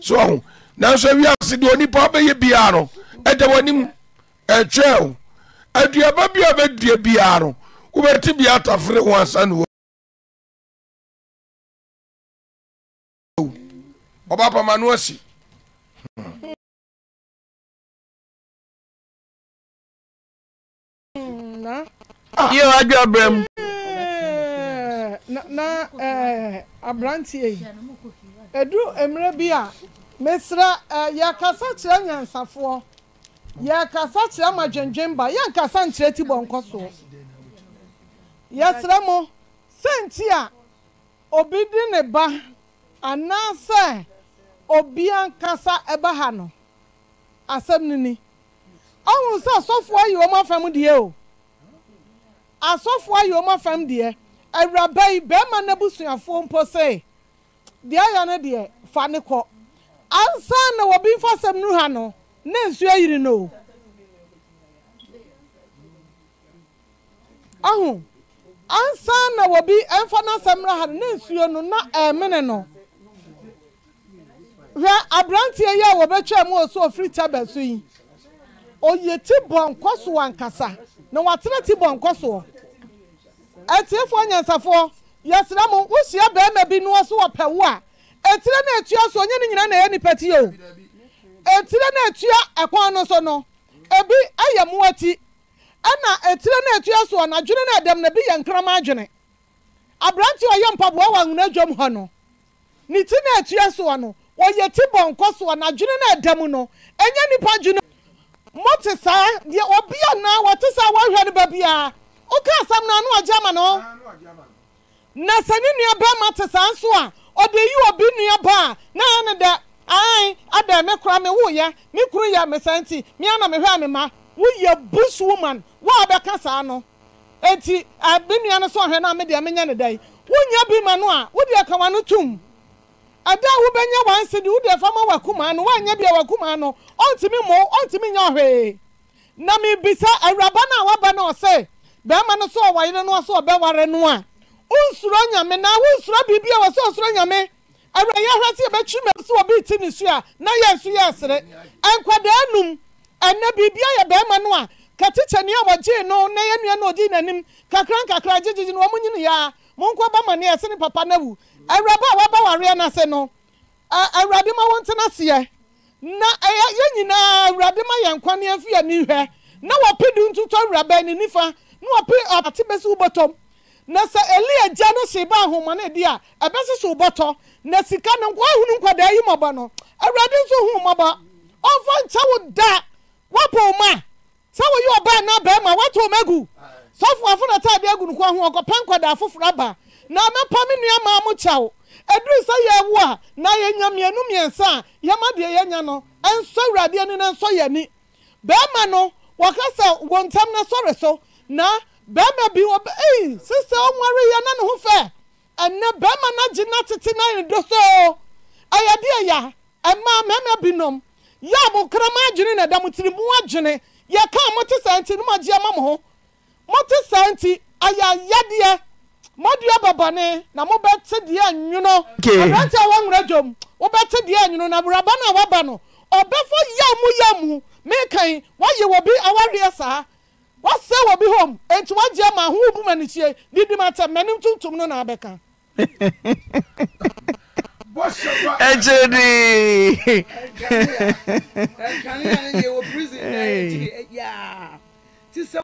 so ɔho nanso awiase deɛ onipa wobɛyɛ biara no ɛda w'anim ɛtwɛɛ wo aduaba bi a bɛdua biara no wobɛte bia atafere ho ansa no ọba no ọsị. Na? Ihe eyi abịa m. Na eh, aberanteɛ yi, edu ya bi a, mesra eh, yɛkasa kyerɛ nyansafoɔ, yɛkasa kyerɛ ya yɛnkasa nkyerɛ ti bɔ ya sịrị mo, senti a obi di ne ba anaasɛ obi ankasa ɛba ha no, asɛm ni ni. Ɔhun sɛ asɔfoɔ yi wɔn afɛm deɛ o. asɔfoɔ ayoma fam deɛ awuraba yi bɛrima n'abusuafoɔ mpo se deɛ ayɛ no deɛ fa ne kɔ ansan na wɔbi nfa sɛm no ha no ne nsuo ayiri no ahu ansan na wɔbi nfa n'asɛm no ha no ne nsuo no na ɛmene no hwɛ aberanteɛ yi a wɔbɛtwa mu osu ofiri tabɛ so yi oyeti bɔnkɔ so ankasa. na wɔatena ti bɔ nkɔ soɔ atiefoɔ nyansafoɔ yɛsrɛ mo wohyia barima bi noɔ so wɔ pɛ wo a etire na etua so onye ne nyina na ɛyɛ nipa ti o etire na etua ɛkwan no so no ebi ɛyɛ mmoa ti ɛna etire na etua so na adwene na ɛdɛm na ebi yɛ nkraman adwene aberante ɔyɛ mpaboa wɔ anwuna dwom hɔ no ne ti na etua soɔ no ɔyɛ ti bɔnkɔ so na adwene na ɛdɛm no ɛnyɛ nipa adwene mote saa deɛ obi a na wɔte saa wɔhwɛ no ya biara woka asɛm na ano ɔgye na sɛ ne nua te saa nso a ɔde yi obi a na ano dɛ ada kuru nti ana a me ma bush woman wo a ka saa no eti me nua no so ɔhwɛ bi ma ɛda a wobɛnya wansi de wode ɛfa ma wakuma no woanyɛ deɛ wakuma no ɔntumi mo ɔntumi nyɛ ɔhwee na mebisa awuraba no a waba no ɔse bɛrima no so ɔwɔ no so ɔbɛware no a wonsuro nyame na wonsuro biribi a wɔsɛ ɔsoro nyame sɛ yɛbɛtwi wɔbi ti ne a na yɛ nso yɛ sere num ɛnɛ bɛrima no a wɔgyee no na yɛ na n'anim kakra nkakra gyegyegye no wɔn nyinaa awuraba a waba wareɛ n'ase no awurade ma wɔn tena seɛ na ɛyɛ yɛn nyinaa awurade ma yɛn nkwa nea fi yɛn nihwɛ na wɔpe di ntutu awuraba ne nifa na wɔpe ɔte bɛsi wobɔtɔm na sɛ eli agya no si ba ahoma no edi a ɛbɛsi so wobɔtɔ na sika no nkwa ahunu nkwadaa yi mɔbɔ no awurade nso hu mɔbɔ ɔnfa nkyɛn wo da wapɔ wɔn a sɛ wɔyɛ ɔbaa na bɛrima wɔato wɔn agu sɔfo afɔnata adi agu ne ho ɔkɔpɛ nkwadaa foforɔ aba. na mɛpa me nua maa mo kyɛw ɛduru sɛ yɛwo a na yɛnya mmienu mmiɛnsa a yɛma deɛ yɛnya no ɛnsɔ awurade ani na nsɔ yɛ ani bɛrima no wɔka sɛ wɔ ntam na sɔre so na bɛrima bi wɔ bɛ ɛyi sisɛ ɔnware yɛ na ne ho fɛ ɛnɛ bɛrima no agye na tete na ne do so ɛyɛ deɛ ya ɛmaa mɛrima bi nom yɛ abokrama adwene na ɛdam tirimu adwene yɛka a mote saa nti no mo agye ama mo ho mote saa nti ayɛ ayadeɛ mɔdua babane na mobɛte deɛ nwono aberante a wɔnwerɛ dwom wobɛte deɛ nwono na awuraba no a waba no ɔbɛfo yaw mu yaw mu mekan wɔaye wɔ bi awareɛ saa wɔsɛ wɔ bi hom enti wɔagye ma ahowo bu ma ne kyie didim atɛm m'anim tuntum no na abɛka ɛkyɛdi ti sɛ